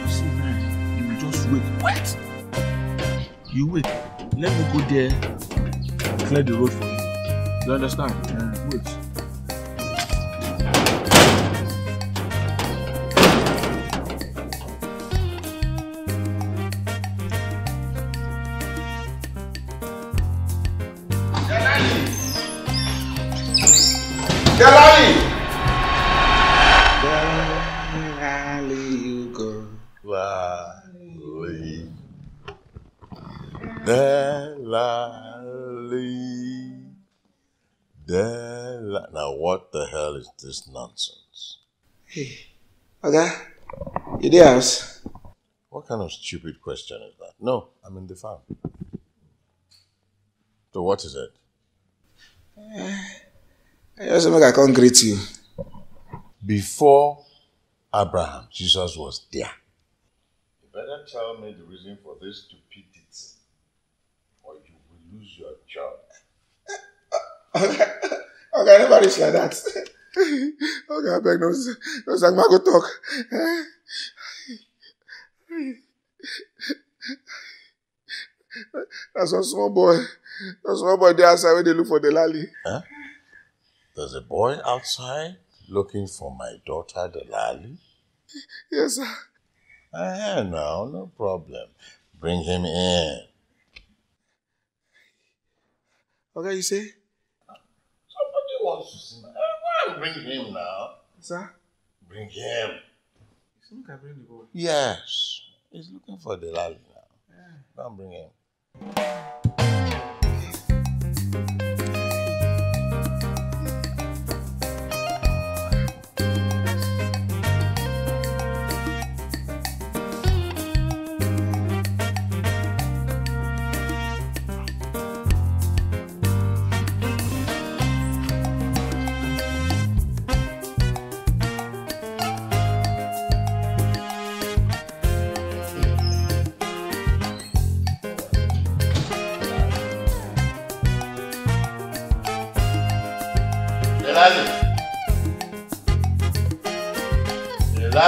See, man, you just wait. Wait! You wait. Let me go there, clear the road for you. You understand? Uh, wait. Get out! Delali. Delali. Now, what the hell is this nonsense? Hey, okay. You there, house? What kind of stupid question is that? No, I'm in the farm. So, what is it? Uh, I just make I come greet you. Before Abraham, Jesus was there. You better tell me the reason for this stupid lose your job. (laughs) okay, nobody like that. (laughs) okay, I beg no, no Zagma go talk. (laughs) That's one small boy. That small boy there outside when they look for the lally. Huh? There's a boy outside looking for my daughter, the lally? Yes, sir. Ah, no, no problem. Bring him in. Okay, you say? Somebody wants to see my everyone eh, bring him now. Sir? Bring him. He's looking bring the boy. Yes. He's looking for the lad now. Yeah. do bring him.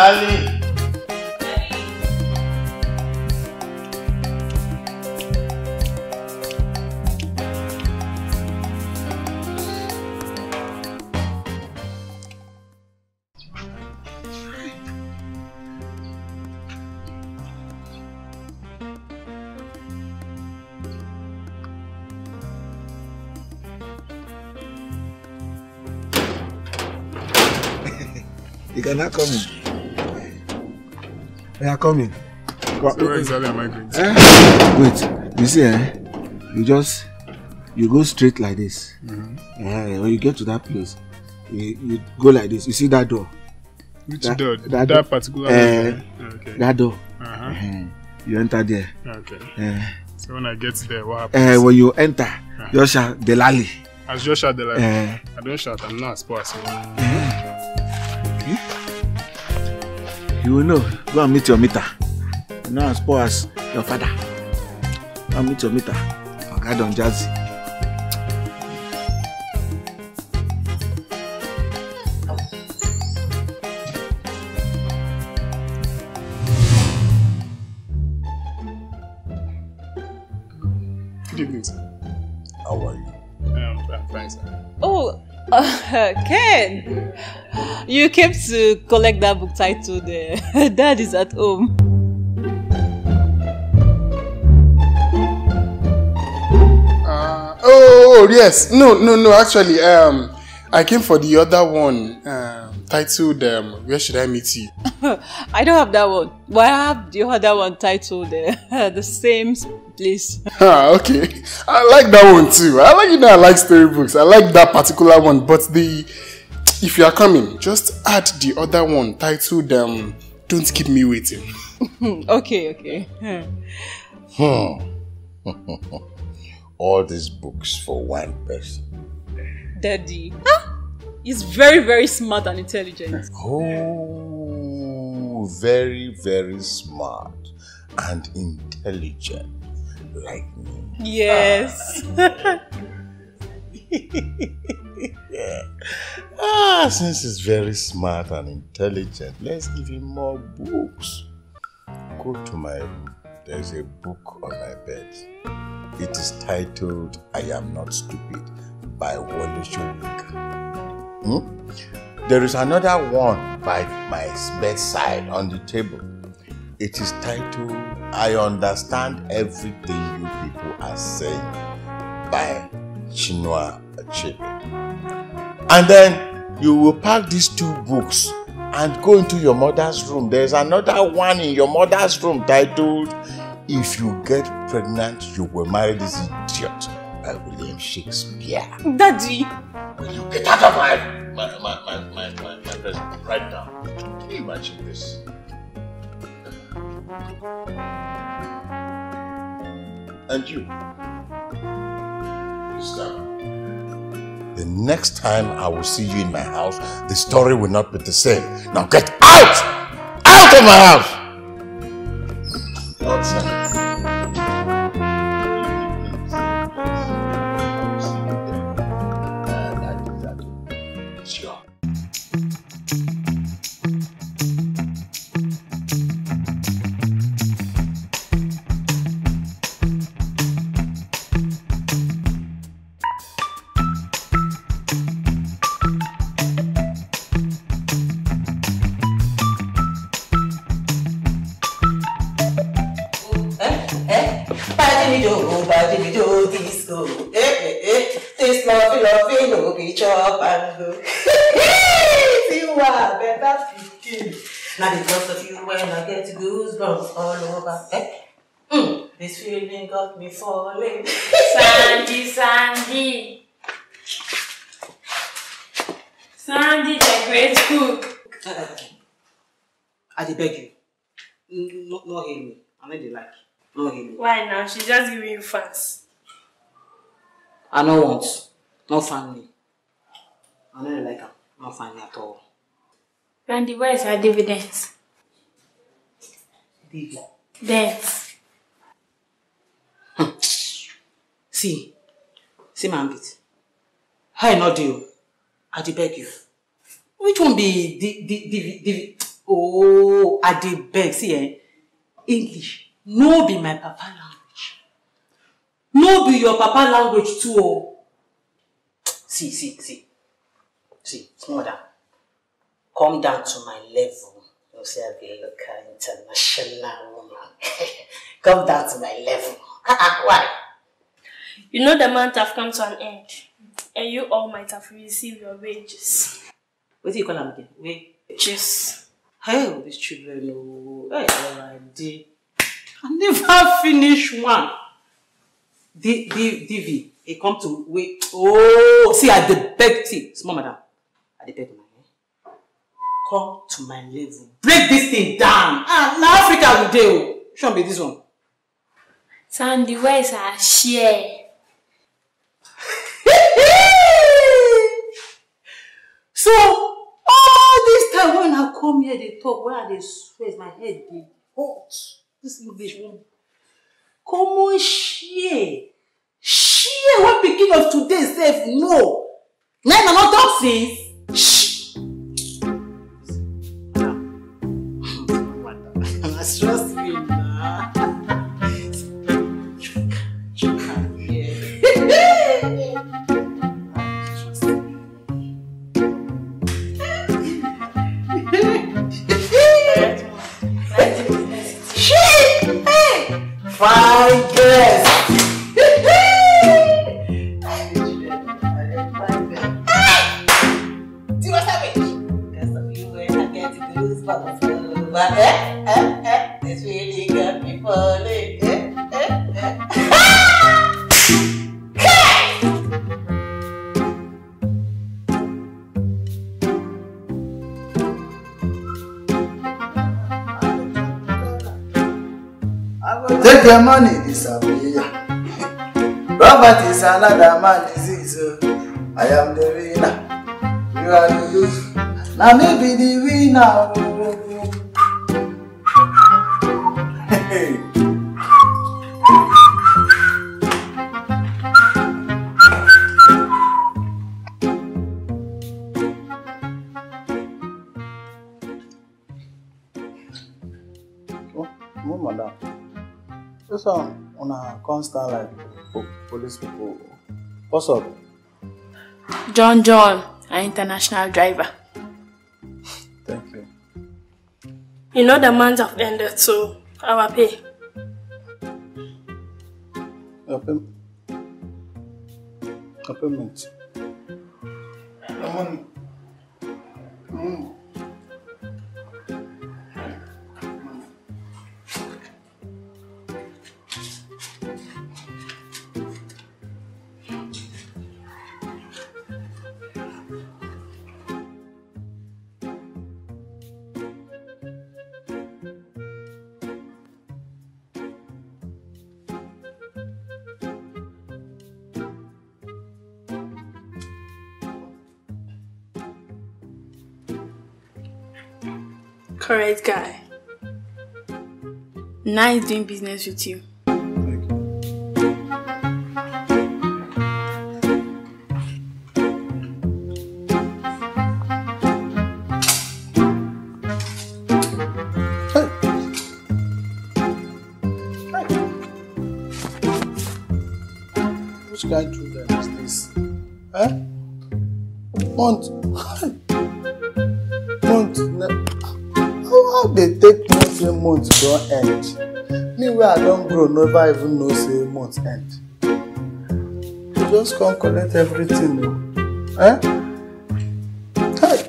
darling. (laughs) You cannot come in. They are coming. What? So where is Sally and migrants? Eh? Wait, you see, eh? You just you go straight like this. Mm-hmm. Yeah, when you get to that place, you, you go like this. You see that door? Which that, door? That, that door. particular uh, eh, door. Oh, okay. That door. Uh-huh. uh You enter there. Okay. Uh, so when I get there, what happens? Eh. when you enter, uh-huh. Joshua Delali. As Joshua Delali. Uh, I don't shout. I'm not as poor as you. You will know. Go and meet your meter. You know as poor as your father. Go and meet your meter. Oga Don Jazzy. Good evening, sir. How are you? Um, I'm fine, sir. Oh, uh, (laughs) Ken! you came to collect that book titled uh, (laughs) Dad is at Home. Uh, oh, oh, yes. No, no, no. Actually, um, I came for the other one um, titled um, Where Should I Meet You? (laughs) I don't have that one. But I have the other one titled uh, (laughs) The Same Place. Ah, okay. I like that one too. I like, you know, I like storybooks. I like that particular one. But the if you are coming, just add the other one titled um, Don't Keep Me Waiting. (laughs) okay, okay. hmm. (laughs) All these books for one person. Daddy. Huh? He's very, very smart and intelligent. Oh, very, very smart and intelligent. Like me. Yes. Ah. (laughs) (laughs) ah, since he's very smart and intelligent, let's give him more books. Go to my room. There's a book on my bed. It is titled I Am Not Stupid by Wally Shoemaker. Hmm? There is another one by my bedside on the table. It is titled I Understand Everything You People Are Saying by Chinua Achebe. And then you will pack these two books and go into your mother's room. There's another one in your mother's room titled If You Get Pregnant, You Will Marry This Idiot by William Shakespeare. Daddy! Will you get out of my, my, my, my, my, my presence right now? Can you imagine this? And you? you stop. The next time I will see you in my house, the story will not be the same. Now get out! Out of my house! me falling. Sandy, Sandy. Sandy, the great cook. I beg you. Not, no, hear me. I know they like. Not hear me. Why now? She's just giving you fans. I know once. Not family. I know they like her. Not family at all. Randy, where is her dividends? Dividends. see see my how I not you. I do beg you which one be the the the oh i do beg see eh english no be my papa language no be your papa language too oh. see see see see small come down to my level you know say i be local international woman (laughs) come down to my level ah, ah, why. You know the month have come to an end, and you all might have received your wages. What do you call them again? Wages. Hey, these children, oh, hey, already. I never finish one. D, D, DV, it come to wait. Oh, see, I beg you, small madam. I beg you eh? come to my level. Break this thing down. Ah, now Africa will deal. Show me this one. Sandy, where's our share? so all this time when i come here they talk wen i dey sweat my head Be hot dis english Come on, share share What beginning of today sef no. na im i no talk since the money disappear. Poverty is another man disease. Uh, I am the winner. You are the loser. Now maybe the winner. Constant can like police people. What's up? John John, an international driver. Thank you. You know the months have ended, so our pay. Your payment. Your payment. Your money. Alright, guy. Nice doing business with you. Which guy drew them is this? Huh? Month bro never even know say month end you just come collect everything o oh. eh? Hey.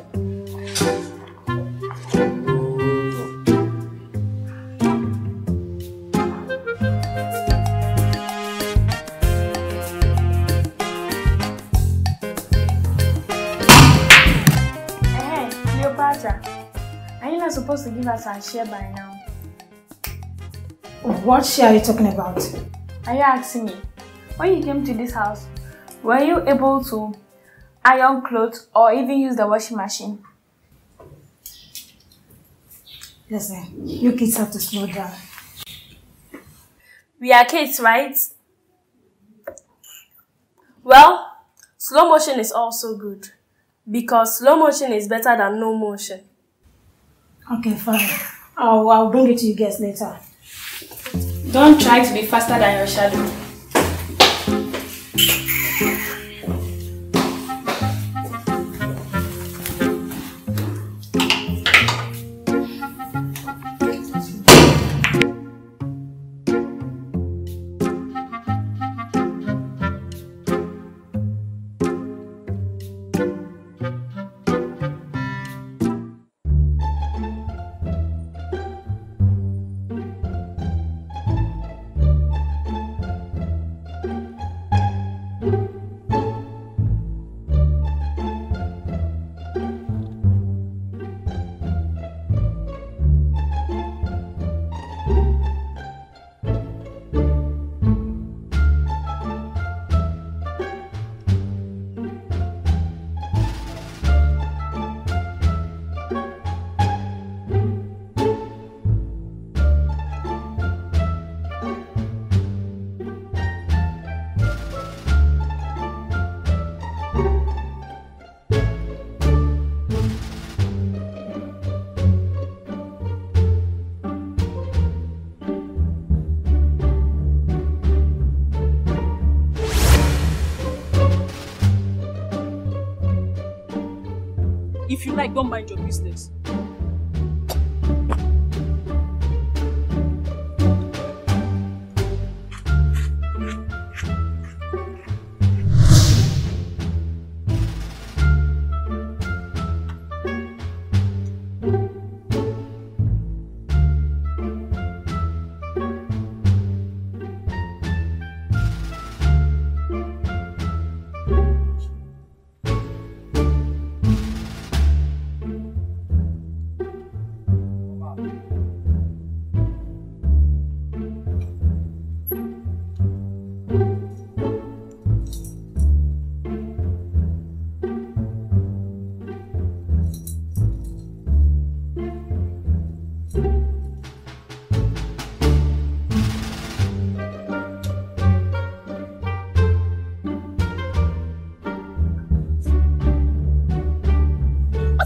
Hey, Cleopatra, are you not supposed to give us our share by now? What she are you talking about? Are you asking me? When you came to this house, were you able to iron clothes or even use the washing machine? Listen, you kids have to slow down. We are kids, right? Well, slow motion is also good because slow motion is better than no motion. Okay, fine. I'll, I'll bring it to you guys later. Don't try to be faster than your shadow. don't mind your business.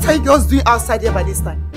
are you girls doing outside here by this time?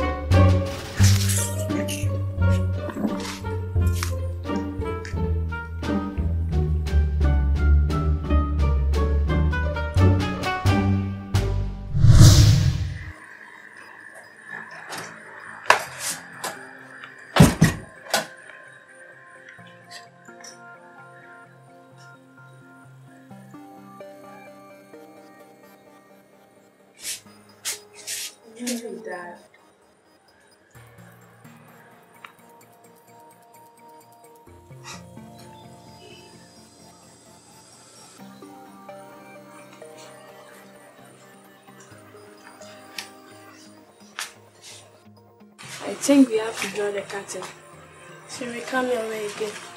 to will the come your way again.